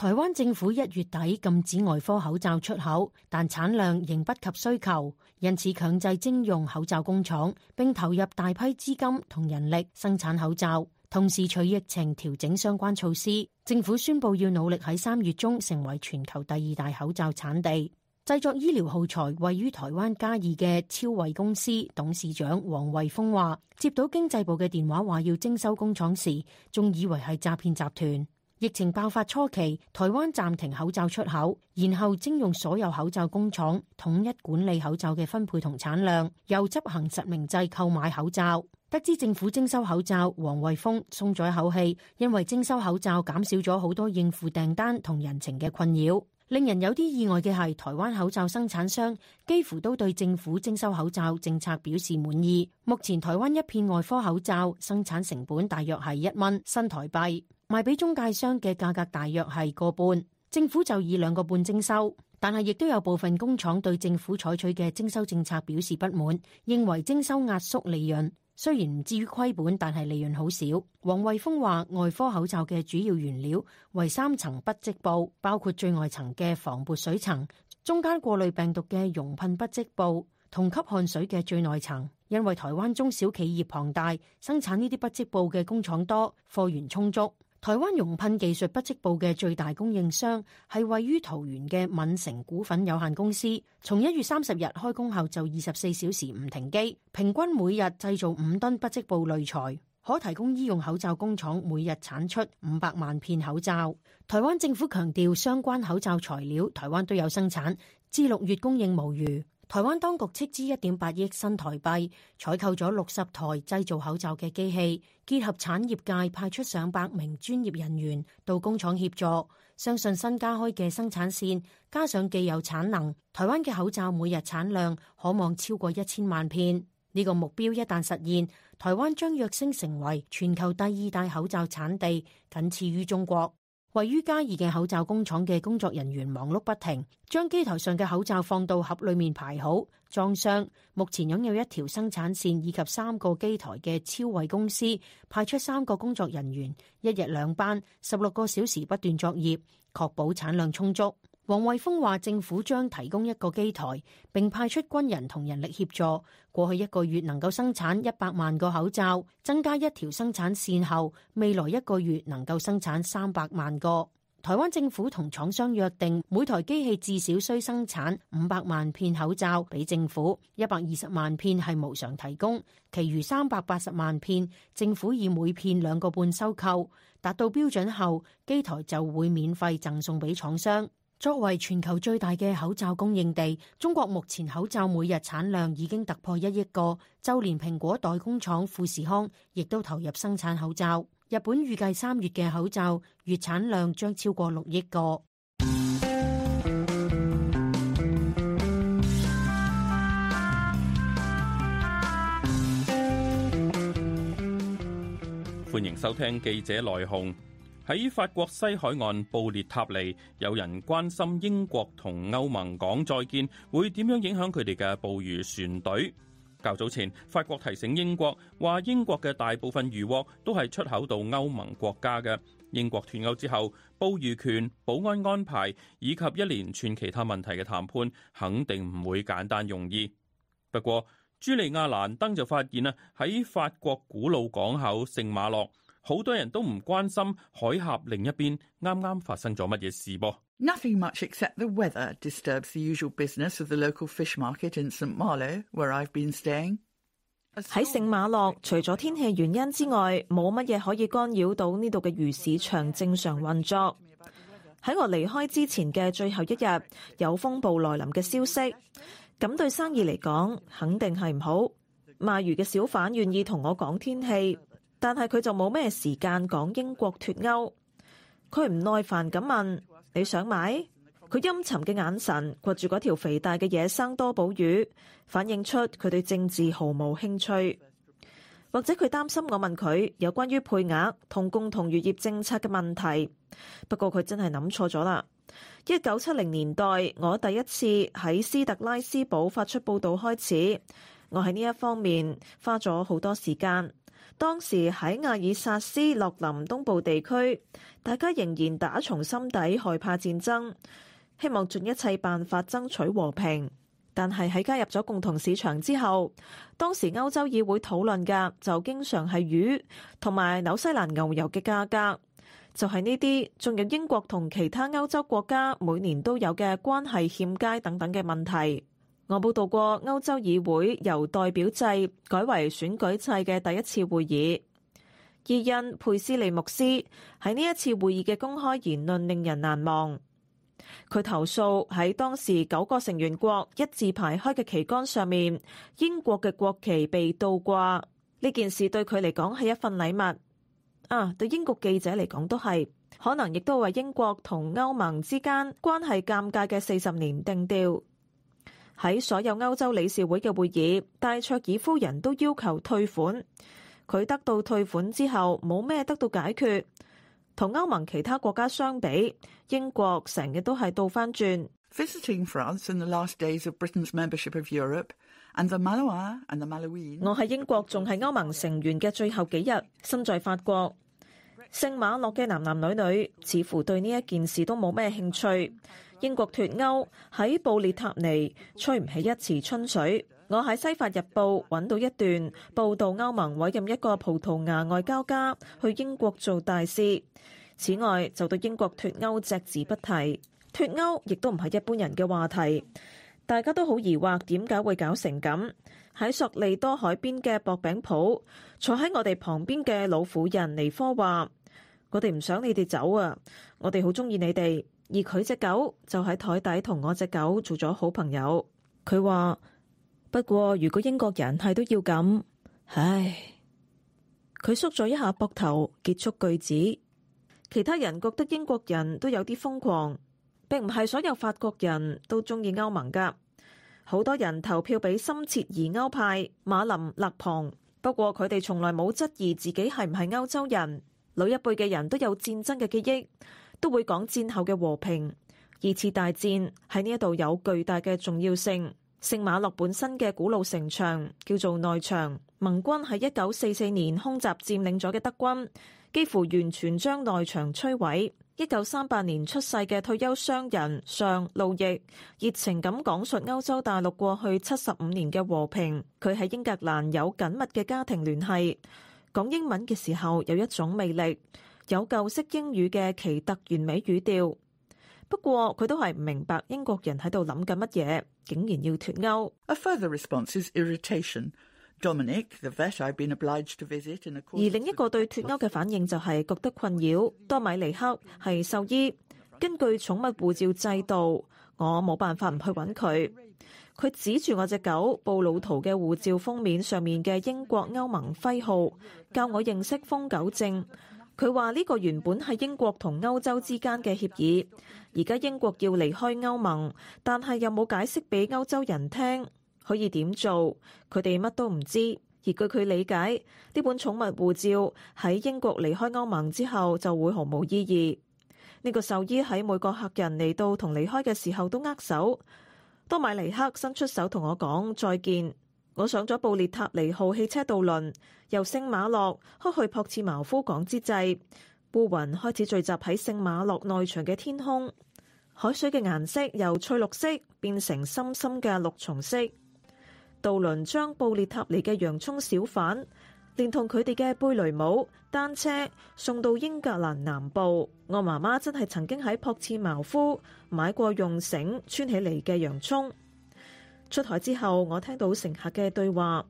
台灣政府一月底禁止外科口罩出口，但產量仍不及需求，因此強制徵用口罩工廠，並投入大批資金同人力生產口罩。同時，取疫情調整相關措施，政府宣布要努力喺三月中成為全球第二大口罩產地。製作醫療耗材位於台灣嘉義嘅超惠公司董事長黃慧峰話，接到經濟部嘅電話話要徵收工廠時，仲以為係詐騙集團。疫情爆發初期，台灣暫停口罩出口，然後徵用所有口罩工廠，統一管理口罩嘅分配同產量，又執行實名制購買口罩。得知政府徵收口罩，黃慧峰鬆咗一口氣，因為徵收口罩減少咗好多應付訂單同人情嘅困擾。令人有啲意外嘅係，台灣口罩生產商幾乎都對政府徵收口罩政策表示滿意。目前台灣一片外科口罩生產成本大約係一蚊新台幣。賣俾中介商嘅價格大約係個半，政府就以兩個半徵收。但係亦都有部分工廠對政府採取嘅徵收政策表示不滿，認為徵收壓縮利潤，雖然唔至於虧本，但係利潤好少。王衛峰話，外科口罩嘅主要原料為三層不織布，包括最外層嘅防潑水層、中間過濾病毒嘅熔噴不織布同吸汗水嘅最內層。因為台灣中小企業龐大，生產呢啲不織布嘅工廠多，貨源充足。台灣熔噴技術不織布嘅最大供應商係位於桃園嘅敏成股份有限公司，從一月三十日開工後就二十四小時唔停機，平均每日製造五噸不織布濾材，可提供醫用口罩工廠每日產出五百萬片口罩。台灣政府強調相關口罩材料台灣都有生產，至六月供應無虞。台灣當局斥資一點八億新台幣採購咗六十台製造口罩嘅機器，結合產業界派出上百名專業人員到工廠協助。相信新加開嘅生產線加上既有產能，台灣嘅口罩每日產量可望超過一千萬片。呢、這個目標一旦實現，台灣將躍升成為全球第二大口罩產地，僅次於中國。位於嘉義嘅口罩工廠嘅工作人員忙碌不停，將機台上嘅口罩放到盒裏面排好裝箱。目前擁有一條生產線以及三個機台嘅超惠公司，派出三個工作人員，一日兩班，十六個小時不斷作業，確保產量充足。王惠峰話，政府將提供一個機台，並派出軍人同人力協助。過去一個月能夠生產一百萬個口罩，增加一條生產線後，未來一個月能夠生產三百萬個。台灣政府同廠商約定，每台機器至少需生產五百萬片口罩，俾政府一百二十萬片係無償提供，其餘三百八十萬片政府以每片兩個半收購。達到標準後，機台就會免費贈送俾廠商。作為全球最大嘅口罩供應地，中國目前口罩每日產量已經突破一億個。就連蘋果代工廠富士康亦都投入生產口罩。日本預計三月嘅口罩月產量將超過六億個。歡迎收聽記者來控。喺法國西海岸布列塔尼，有人關心英國同歐盟講再見會點樣影響佢哋嘅捕魚船隊。較早前，法國提醒英國話，英國嘅大部分漁獲都係出口到歐盟國家嘅。英國脫歐之後，捕魚權、保安安排以及一連串其他問題嘅談判，肯定唔會簡單容易。不過，朱莉亞·蘭登就發現啦，喺法國古老港口聖馬洛。好多人都唔關心海峽另一邊啱啱發生咗乜嘢事噃。喺聖馬洛，除咗天氣原因之外，冇乜嘢可以干擾到呢度嘅魚市場正常運作。喺我離開之前嘅最後一日，有風暴來臨嘅消息，咁對生意嚟講肯定係唔好。賣魚嘅小販願意同我講天氣但係佢就冇咩時間講英國脱歐。佢唔耐煩咁問：你想買？佢陰沉嘅眼神，握住嗰條肥大嘅野生多寶魚，反映出佢對政治毫無興趣，或者佢擔心我問佢有關於配額同共同漁業政策嘅問題。不過佢真係諗錯咗啦。一九七零年代，我第一次喺斯特拉斯堡發出報道開始，我喺呢一方面花咗好多時間。當時喺阿爾薩斯、洛林東部地區，大家仍然打從心底害怕戰爭，希望盡一切辦法爭取和平。但係喺加入咗共同市場之後當時歐洲議會討論嘅就經常係魚，同埋紐西蘭牛油嘅價格，就係呢啲，仲有英國同其他歐洲國家每年都有嘅關係欠佳等等嘅問題。我報道過歐洲議會由代表制改為選舉制嘅第一次會議，伊恩佩斯利牧師喺呢一次會議嘅公開言論令人難忘。佢投訴喺當時九個成員國一字排開嘅旗杆上面，英國嘅國旗被倒掛。呢件事對佢嚟講係一份禮物，啊，對英國記者嚟講都係，可能亦都為英國同歐盟之間關係尷尬嘅四十年定調。喺所有歐洲理事會嘅會議，戴卓爾夫人都要求退款。佢得到退款之後，冇咩得到解決。同歐盟其他國家相比，英國成日都係倒返轉。 我喺英國仲係歐盟成員嘅最後幾日，身在法國。 聖馬洛嘅男男女女似乎對呢一件事都冇咩興趣。英國脱歐喺布列塔尼吹唔起一池春水。我喺《西法日報》揾到一段報導，歐盟委任一個葡萄牙外交家去英國做大使。此外，就對英國脱歐隻字不提。脱歐亦都唔係一般人嘅話題，大家都好疑惑點解會搞成咁。喺索利多海邊嘅薄餅鋪，坐喺我哋旁邊嘅老婦人尼科話：我哋唔想你哋走啊！我哋好中意你哋。而佢隻狗就喺台底同我隻狗做咗好朋友。佢話：不過如果英國人係都要咁，唉！佢縮咗一下膊頭，結束句子。其他人覺得英國人都有啲瘋狂，並唔係所有法國人都中意歐盟噶。好多人投票俾深切而歐派馬林勒龐。不過佢哋從來冇質疑自己係唔係歐洲人。老一輩嘅人都有戰爭嘅記憶。都會講戰後嘅和平。二次大戰喺呢一度有巨大嘅重要性。聖馬洛本身嘅古老城牆叫做內牆。盟軍喺一九四四年空襲佔領咗嘅德軍，幾乎完全將內牆摧毀。一九三八年出世嘅退休商人尚路易，熱情咁講述歐洲大陸過去七十五年嘅和平。佢喺英格蘭有緊密嘅家庭聯繫，講英文嘅時候有一種魅力。有舊式英語嘅奇特完美語調，不過佢都係唔明白英國人喺度諗緊乜嘢，竟然要脱歐。Ique, 而另一個對脱歐嘅反應就係覺得困擾。多米尼克係獸醫，根據寵物護照制度，我冇辦法唔去揾佢。佢指住我隻狗，布魯圖嘅護照封面，上面嘅英國歐盟徽號，教我認識瘋狗症。佢話：呢個原本係英國同歐洲之間嘅協議，而家英國要離開歐盟，但係又冇解釋俾歐洲人聽可以點做？佢哋乜都唔知。而據佢理解，呢本寵物護照喺英國離開歐盟之後就會毫無意義。呢個獸醫喺每個客人嚟到同離開嘅時候都握手。多米尼克伸出手同我講：再見。我上咗布列塔尼號汽車渡輪，由聖馬洛開去朴茨茅夫港之際，烏雲開始聚集喺聖馬洛內場嘅天空，海水嘅顏色由翠綠色變成深深嘅綠松色。渡輪將布列塔尼嘅洋蔥小販，連同佢哋嘅貝雷帽、單車送到英格蘭南部。我媽媽真係曾經喺朴茨茅夫買過用繩穿起嚟嘅洋蔥。出台之後，我聽到乘客嘅對話，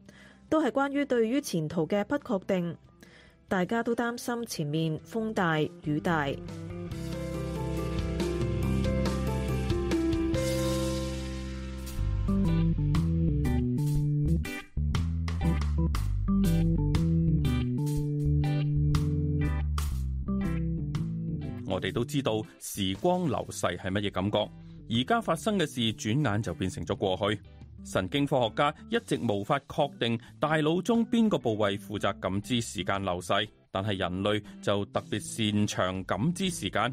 都係關於對於前途嘅不確定。大家都擔心前面風大雨大。 我哋都知道時光流逝係乜嘢感覺。而家發生嘅事，轉眼就變成咗過去。神經科學家一直無法確定大腦中邊個部位負責感知時間流逝，但係人類就特別擅長感知時間。《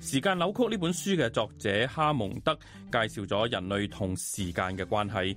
時間扭曲》呢本書嘅作者哈蒙德介紹咗人類同時間嘅關係。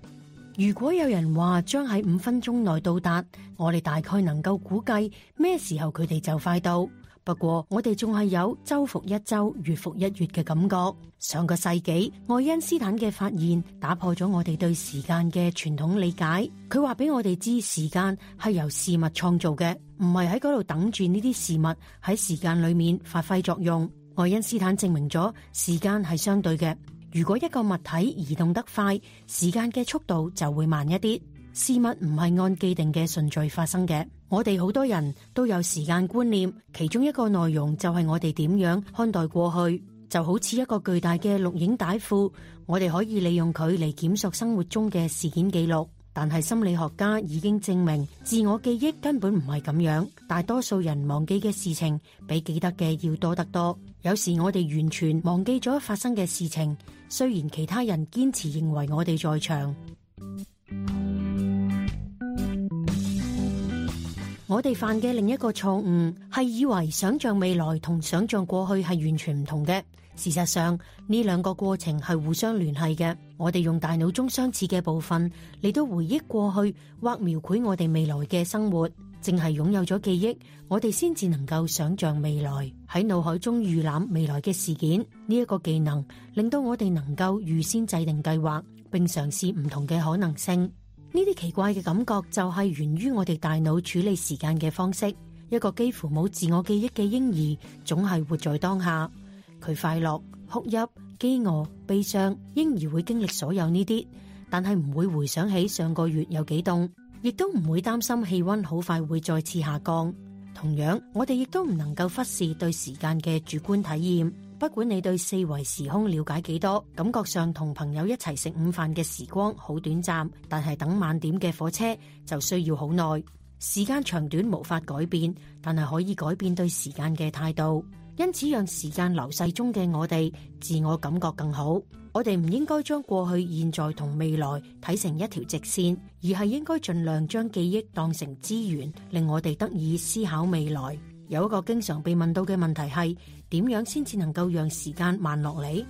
如果有人話將喺五分鐘內到達，我哋大概能夠估計咩時候佢哋就快到。不過我哋仲係有周復一周、月復一月嘅感覺。上個世紀，愛因斯坦嘅發現打破咗我哋對時間嘅傳統理解。佢話俾我哋知，時間係由事物創造嘅，唔係喺嗰度等住呢啲事物喺時間裏面發揮作用。愛因斯坦證明咗時間係相對嘅。如果一個物體移動得快，時間嘅速度就會慢一啲。事物唔係按既定嘅順序發生嘅。我哋好多人都有時間觀念，其中一個內容就係我哋點樣看待過去，就好似一個巨大嘅錄影帶庫。我哋可以利用佢嚟檢索生活中嘅事件記錄。但係心理學家已經證明，自我記憶根本唔係咁樣。大多數人忘記嘅事情比記得嘅要多得多。有時我哋完全忘記咗發生嘅事情，雖然其他人堅持認為我哋在場。我哋犯嘅另一個錯誤係以為想象未來同想象過去係完全唔同嘅，事實上呢兩個過程係互相聯繫嘅。我哋用大腦中相似嘅部分嚟到回憶過去或描繪我哋未來嘅生活，淨係擁有咗記憶，我哋先至能夠想象未來，喺腦海中預覽未來嘅事件。呢一個技能令到我哋能夠預先制定計劃，並嘗試唔同嘅可能性。呢啲奇怪嘅感覺就係源於我哋大腦處理時間嘅方式。一個幾乎冇自我記憶嘅嬰兒，總係活在當下。佢快樂、哭泣、飢餓、悲傷，嬰兒會經歷所有呢啲，但係唔會回想起上個月有幾凍，亦都唔會擔心氣温好快會再次下降。同樣，我哋亦都唔能夠忽視對時間嘅主觀體驗。不管你對四維時空了解幾多，感覺上同朋友一齊食午飯嘅時光好短暫，但係等晚點嘅火車就需要好耐。時間長短無法改變，但係可以改變對時間嘅態度。因此，讓時間流逝中嘅我哋自我感覺更好。我哋唔應該將過去、現在同未來睇成一條直線，而係應該盡量將記憶當成資源，令我哋得以思考未來。有一個經常被問到嘅問題係。點樣先至能夠讓時間慢落嚟？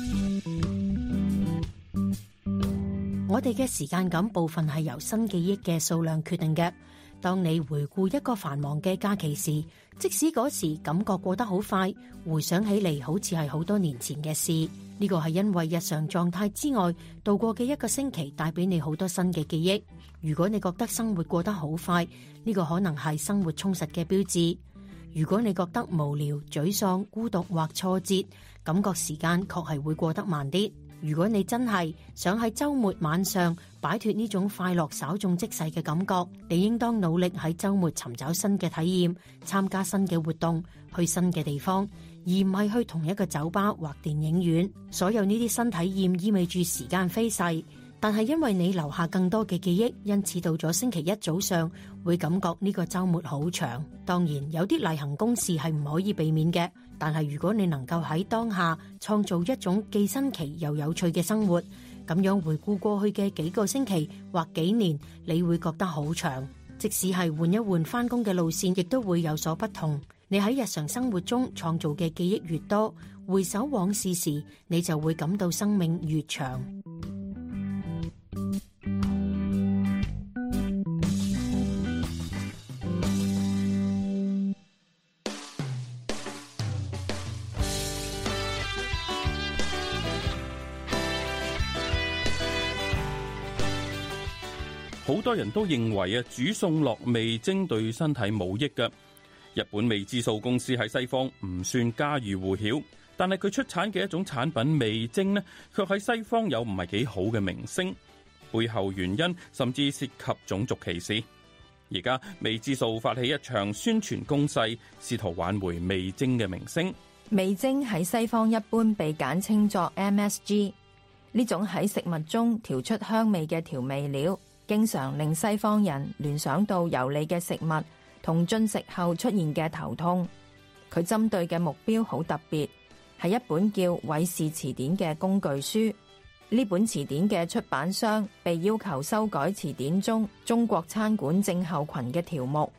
我哋嘅時間感部分係由新記憶嘅數量決定嘅。當你回顧一個繁忙嘅假期時，即使嗰時感覺過得好快，回想起嚟好似係好多年前嘅事。呢、呢個係因為日常狀態之外度過嘅一個星期帶俾你好多新嘅記憶。如果你覺得生活過得好快，呢、呢個可能係生活充實嘅標誌。如果你覺得無聊、沮喪、孤獨或挫折，感覺時間確係會過得慢啲。如果你真係想喺周末晚上擺脫呢種快樂稍縱即逝嘅感覺，你應當努力喺周末尋找新嘅體驗，參加新嘅活動，去新嘅地方，而唔係去同一個酒吧或電影院。所有呢啲新體驗意味住時間飛逝。但係因為你留下更多嘅記憶，因此到咗星期一早上會感覺呢個周末好長。當然有啲例行公事係唔可以避免嘅，但係如果你能夠喺當下創造一種既新奇又有趣嘅生活，咁樣回顧過去嘅幾個星期或幾年，你會覺得好長。即使係換一換返工嘅路線，亦都會有所不同。你喺日常生活中創造嘅記憶越多，回首往事時，你就會感到生命越長。好多人都認為啊，煮餸落味精對身體冇益嘅。日本味之素公司喺西方唔算家喻戶曉，但係佢出產嘅一種產品味精呢，卻喺西方有唔係幾好嘅名聲。背後原因甚至涉及種族歧視。而家味之素發起一場宣傳攻勢，試圖挽回味精嘅名聲。味精喺西方一般被簡稱作 MSG，呢種喺食物中調出香味嘅調味料。經常令西方人聯想到油膩嘅食物同進食後出現嘅頭痛。佢針對嘅目標好特別，係一本叫《韋氏詞典》嘅工具書。呢本詞典嘅出版商被要求修改詞典中中國餐館症候群嘅條目。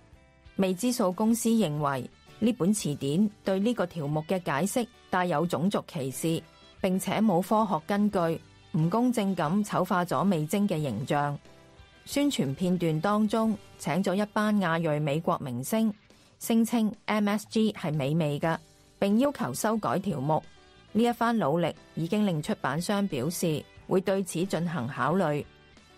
味之素公司認為，呢本詞典對呢個條目嘅解釋帶有種族歧視，並且冇科學根據，唔公正咁醜化咗味精嘅形象。宣傳片段當中，請咗一班亞裔美國明星，聲稱 MSG 係美味嘅，並要求修改條目。呢一番努力已經令出版商表示會對此進行考慮。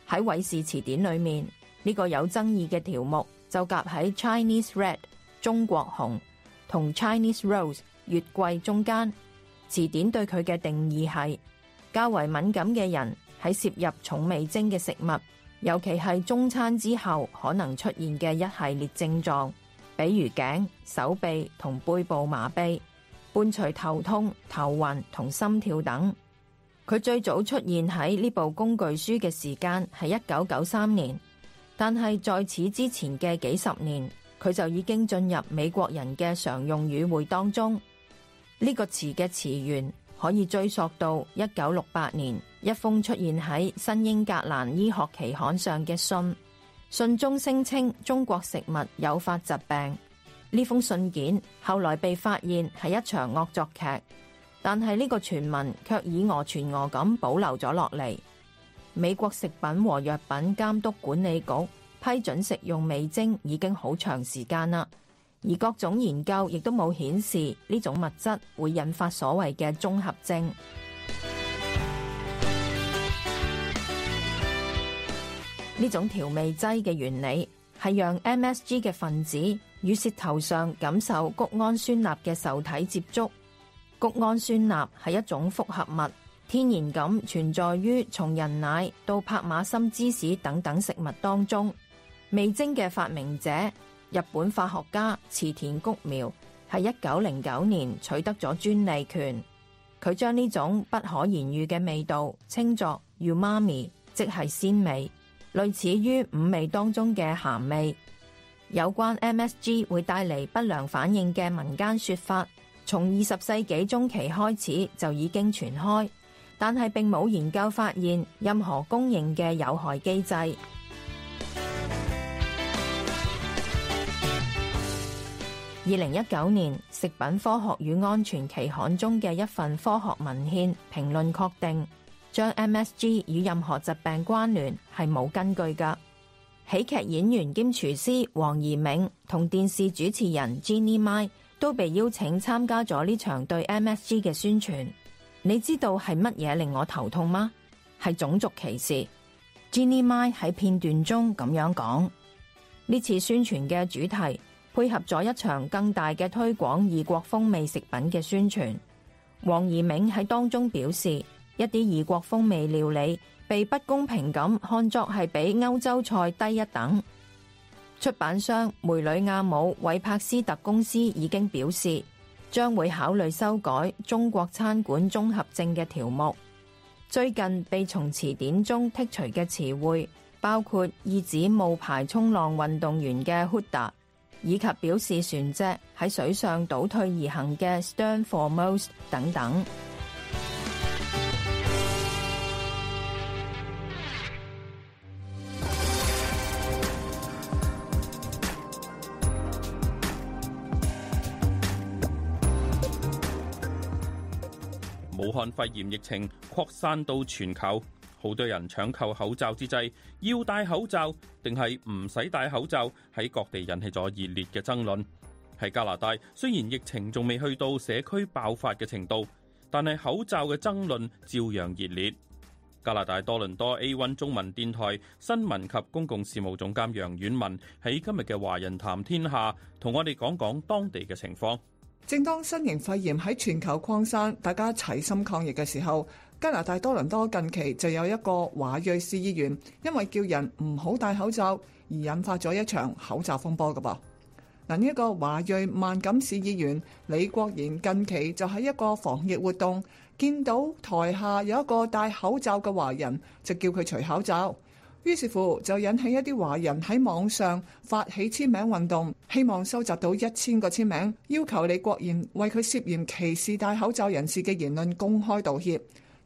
喺韋氏詞典裏面，呢個有爭議嘅條目就夾喺 Chinese Red（ 中國紅）同 Chinese Rose（ 月桂中間）中間。詞典對佢嘅定義係較為敏感嘅人喺攝入重味精嘅食物，尤其係中餐之後可能出現嘅一系列症狀，比如頸、手臂同背部麻痹，伴隨頭痛、頭暈同心跳等。佢最早出現喺呢部工具書嘅時間係一九九三年，但係在此之前嘅幾十年，佢就已經進入美國人嘅常用語彙當中。呢個詞嘅詞源可以追溯到一九六八年。一封出現喺新英格蘭醫學期刊上嘅信，信中聲稱中國食物誘發疾病。呢封信件後來被發現係一場惡作劇，但係呢個傳聞卻以訛傳訛咁保留咗落嚟。美國食品和藥品監督管理局批准食用味精已經好長時間啦，而各種研究亦都冇顯示呢種物質會引發所謂嘅綜合症。呢種調味劑嘅原理係讓 MSG 嘅分子與舌頭上感受谷氨酸鈉嘅受體接觸。谷氨酸鈉係一種複合物，天然噉存在於從人奶到帕瑪森芝士等等食物當中。味精嘅發明者日本化學家池田菊苗喺一九零九年取得咗專利權。佢將呢種不可言喻嘅味道稱作「要媽咪，即係鮮味」。類似於五味當中嘅鹹味，有關 MSG 會帶嚟不良反應嘅民間說法，從二十世紀中期開始就已經傳開，但係並冇研究發現任何公認嘅有害機制。二零一九年《食品科學與安全》期刊中嘅一份科學文獻評論確定。將 M.S.G. 與任何疾病關聯係冇根據噶。喜劇演員兼廚師黃怡銘同電視主持人 Jeannie Mai 都被邀請參加咗呢場對 M.S.G. 嘅宣傳。你知道係乜嘢令我頭痛嗎？係種族歧視。Jeannie Mai 喺片段中咁樣講。呢次宣傳嘅主題配合咗一場更大嘅推廣異國風味食品嘅宣傳。黃怡銘喺當中表示。一啲異國風味料理被不公平咁看作係比歐洲菜低一等。出版商梅里亞姆·韋伯斯特公司已經表示，將會考慮修改中國餐館綜合症嘅條目。最近被從詞典中剔除嘅詞彙包括意指冒牌衝浪運動員嘅 hodad，以及表示船隻喺水上倒退而行嘅 stern foremost 等等。武漢肺炎疫情擴散到全球，好多人搶購口罩之際，要戴口罩定係唔使戴口罩，喺各地引起咗熱烈嘅爭論。喺加拿大，雖然疫情仲未去到社區爆發嘅程度，但係口罩嘅爭論照樣熱烈。加拿大多倫多 A1 中文電台新聞及公共事務總監楊遠文喺今日嘅《華人談天下》同我哋講講當地嘅情況。正當新型肺炎喺全球擴散，大家齊心抗疫嘅時候，加拿大多倫多近期就有一個華裔市議員，因為叫人唔好戴口罩而引發咗一場口罩風波噶噃。嗱，呢一個華裔萬錦市議員李國賢近期就喺一個防疫活動見到台下有一個戴口罩嘅華人，就叫佢除口罩。於是乎就引起一啲華人喺網上發起簽名運動，希望收集到一千個簽名，要求李國賢為佢涉嫌歧視戴口罩人士嘅言論公開道歉。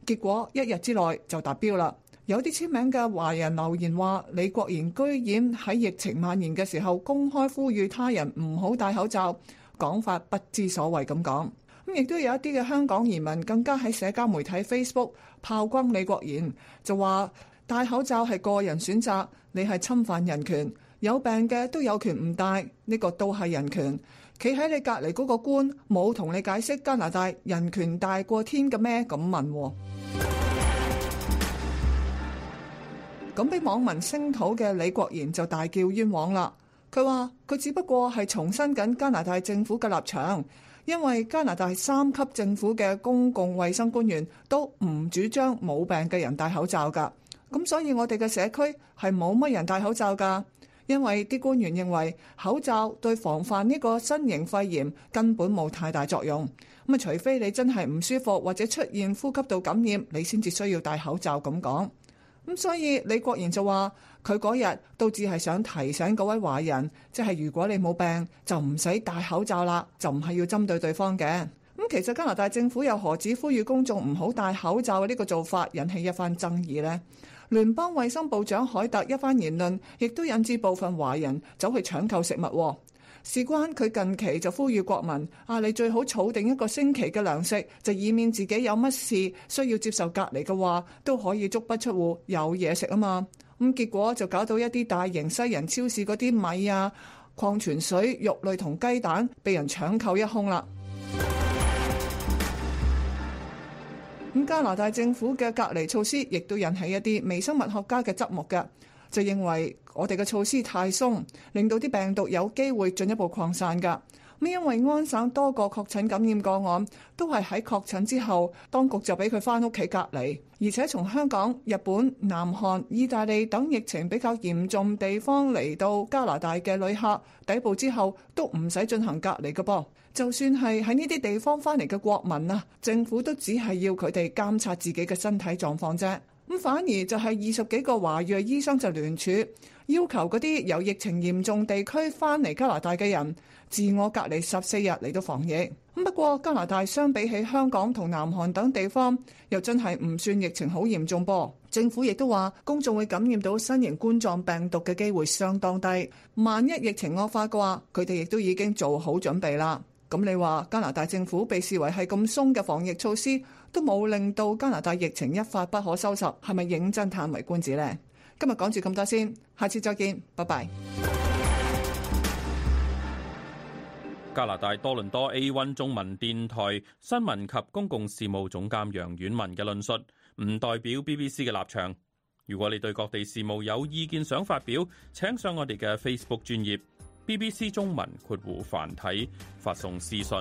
結果一日之內就達標啦。有啲簽名嘅華人留言話：李國賢居然喺疫情蔓延嘅時候公開呼籲他人唔好戴口罩，講法不知所謂咁講。咁亦都有一啲嘅香港移民更加喺社交媒體 Facebook 炮轟李國賢就，就話。戴口罩係個人選擇，你係侵犯人權。有病嘅都有權唔戴，呢、這個都係人權。企喺你隔離嗰個官冇同你解釋加拿大人權大過天嘅咩？咁問咁俾 網民聲討嘅李國賢就大叫冤枉啦。佢話佢只不過係重申緊加拿大政府嘅立場，因為加拿大三級政府嘅公共衛生官員都唔主張冇病嘅人戴口罩㗎。咁所以我哋嘅社區係冇乜人戴口罩噶，因為啲官員認為口罩對防範呢個新型肺炎根本冇太大作用。咁啊，除非你真係唔舒服或者出現呼吸道感染，你先至需要戴口罩咁講。咁所以李國賢就話：佢嗰日都只係想提醒嗰位華人，即係如果你冇病就唔使戴口罩啦，就唔係要針對對方嘅。咁其實加拿大政府又何止呼籲公眾唔好戴口罩嘅呢個做法引起一番爭議呢。聯邦衛生部長凱特一番言論，亦都引致部分華人走去搶購食物。事關佢近期就呼籲國民：啊，你最好儲定一個星期嘅糧食，就以免自己有乜事需要接受隔離嘅話，都可以足不出戶有嘢食啊嘛。咁、嗯、結果就搞到一啲大型西人超市嗰啲米啊、礦泉水、肉類同雞蛋，被人搶購一空啦。咁加拿大政府嘅隔離措施亦都引起一啲微生物學家嘅側目，嘅，就認為我哋嘅措施太鬆，令到啲病毒有機會進一步擴散噶。咁因為安省多個確診感染個案都係喺確診之後，當局就俾佢翻屋企隔離，而且從香港、日本、南韓、意大利等疫情比較嚴重地方嚟到加拿大嘅旅客抵埗之後都唔使進行隔離嘅噃。就算係喺呢啲地方翻嚟嘅國民啊，政府都只係要佢哋監察自己嘅身體狀況啫。咁反而就係二十幾個華裔醫生就聯署，要求嗰啲由疫情嚴重地區翻嚟加拿大嘅人自我隔離十四日嚟到防疫。咁不過加拿大相比起香港同南韓等地方，又真係唔算疫情好嚴重噃。政府亦都話，公眾會感染到新型冠狀病毒嘅機會相當低。萬一疫情惡化嘅話，佢哋亦都已經做好準備啦。咁你話加拿大政府被視為係咁鬆嘅防疫措施，都冇令到加拿大疫情一發不可收拾，係咪認真嘆為觀止呢？今日講住咁多先，下次再見，拜拜。加拿大多倫多 A One 中文電台新聞及公共事務總監楊婉文嘅論述，唔代表 BBC 嘅立場。如果你對各地事務有意見想發表，請上我哋嘅 Facebook 專頁。BBC 中文括弧繁體發送私信。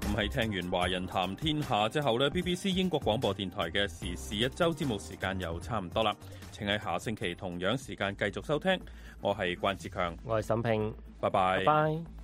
咁係 聽完華人談天下之後呢 BBC 英國廣播電台嘅時事一周節目時間又差唔多啦。請喺下星期同樣時間繼續收聽。我係關志強，我係沈平，拜拜 bye。Bye bye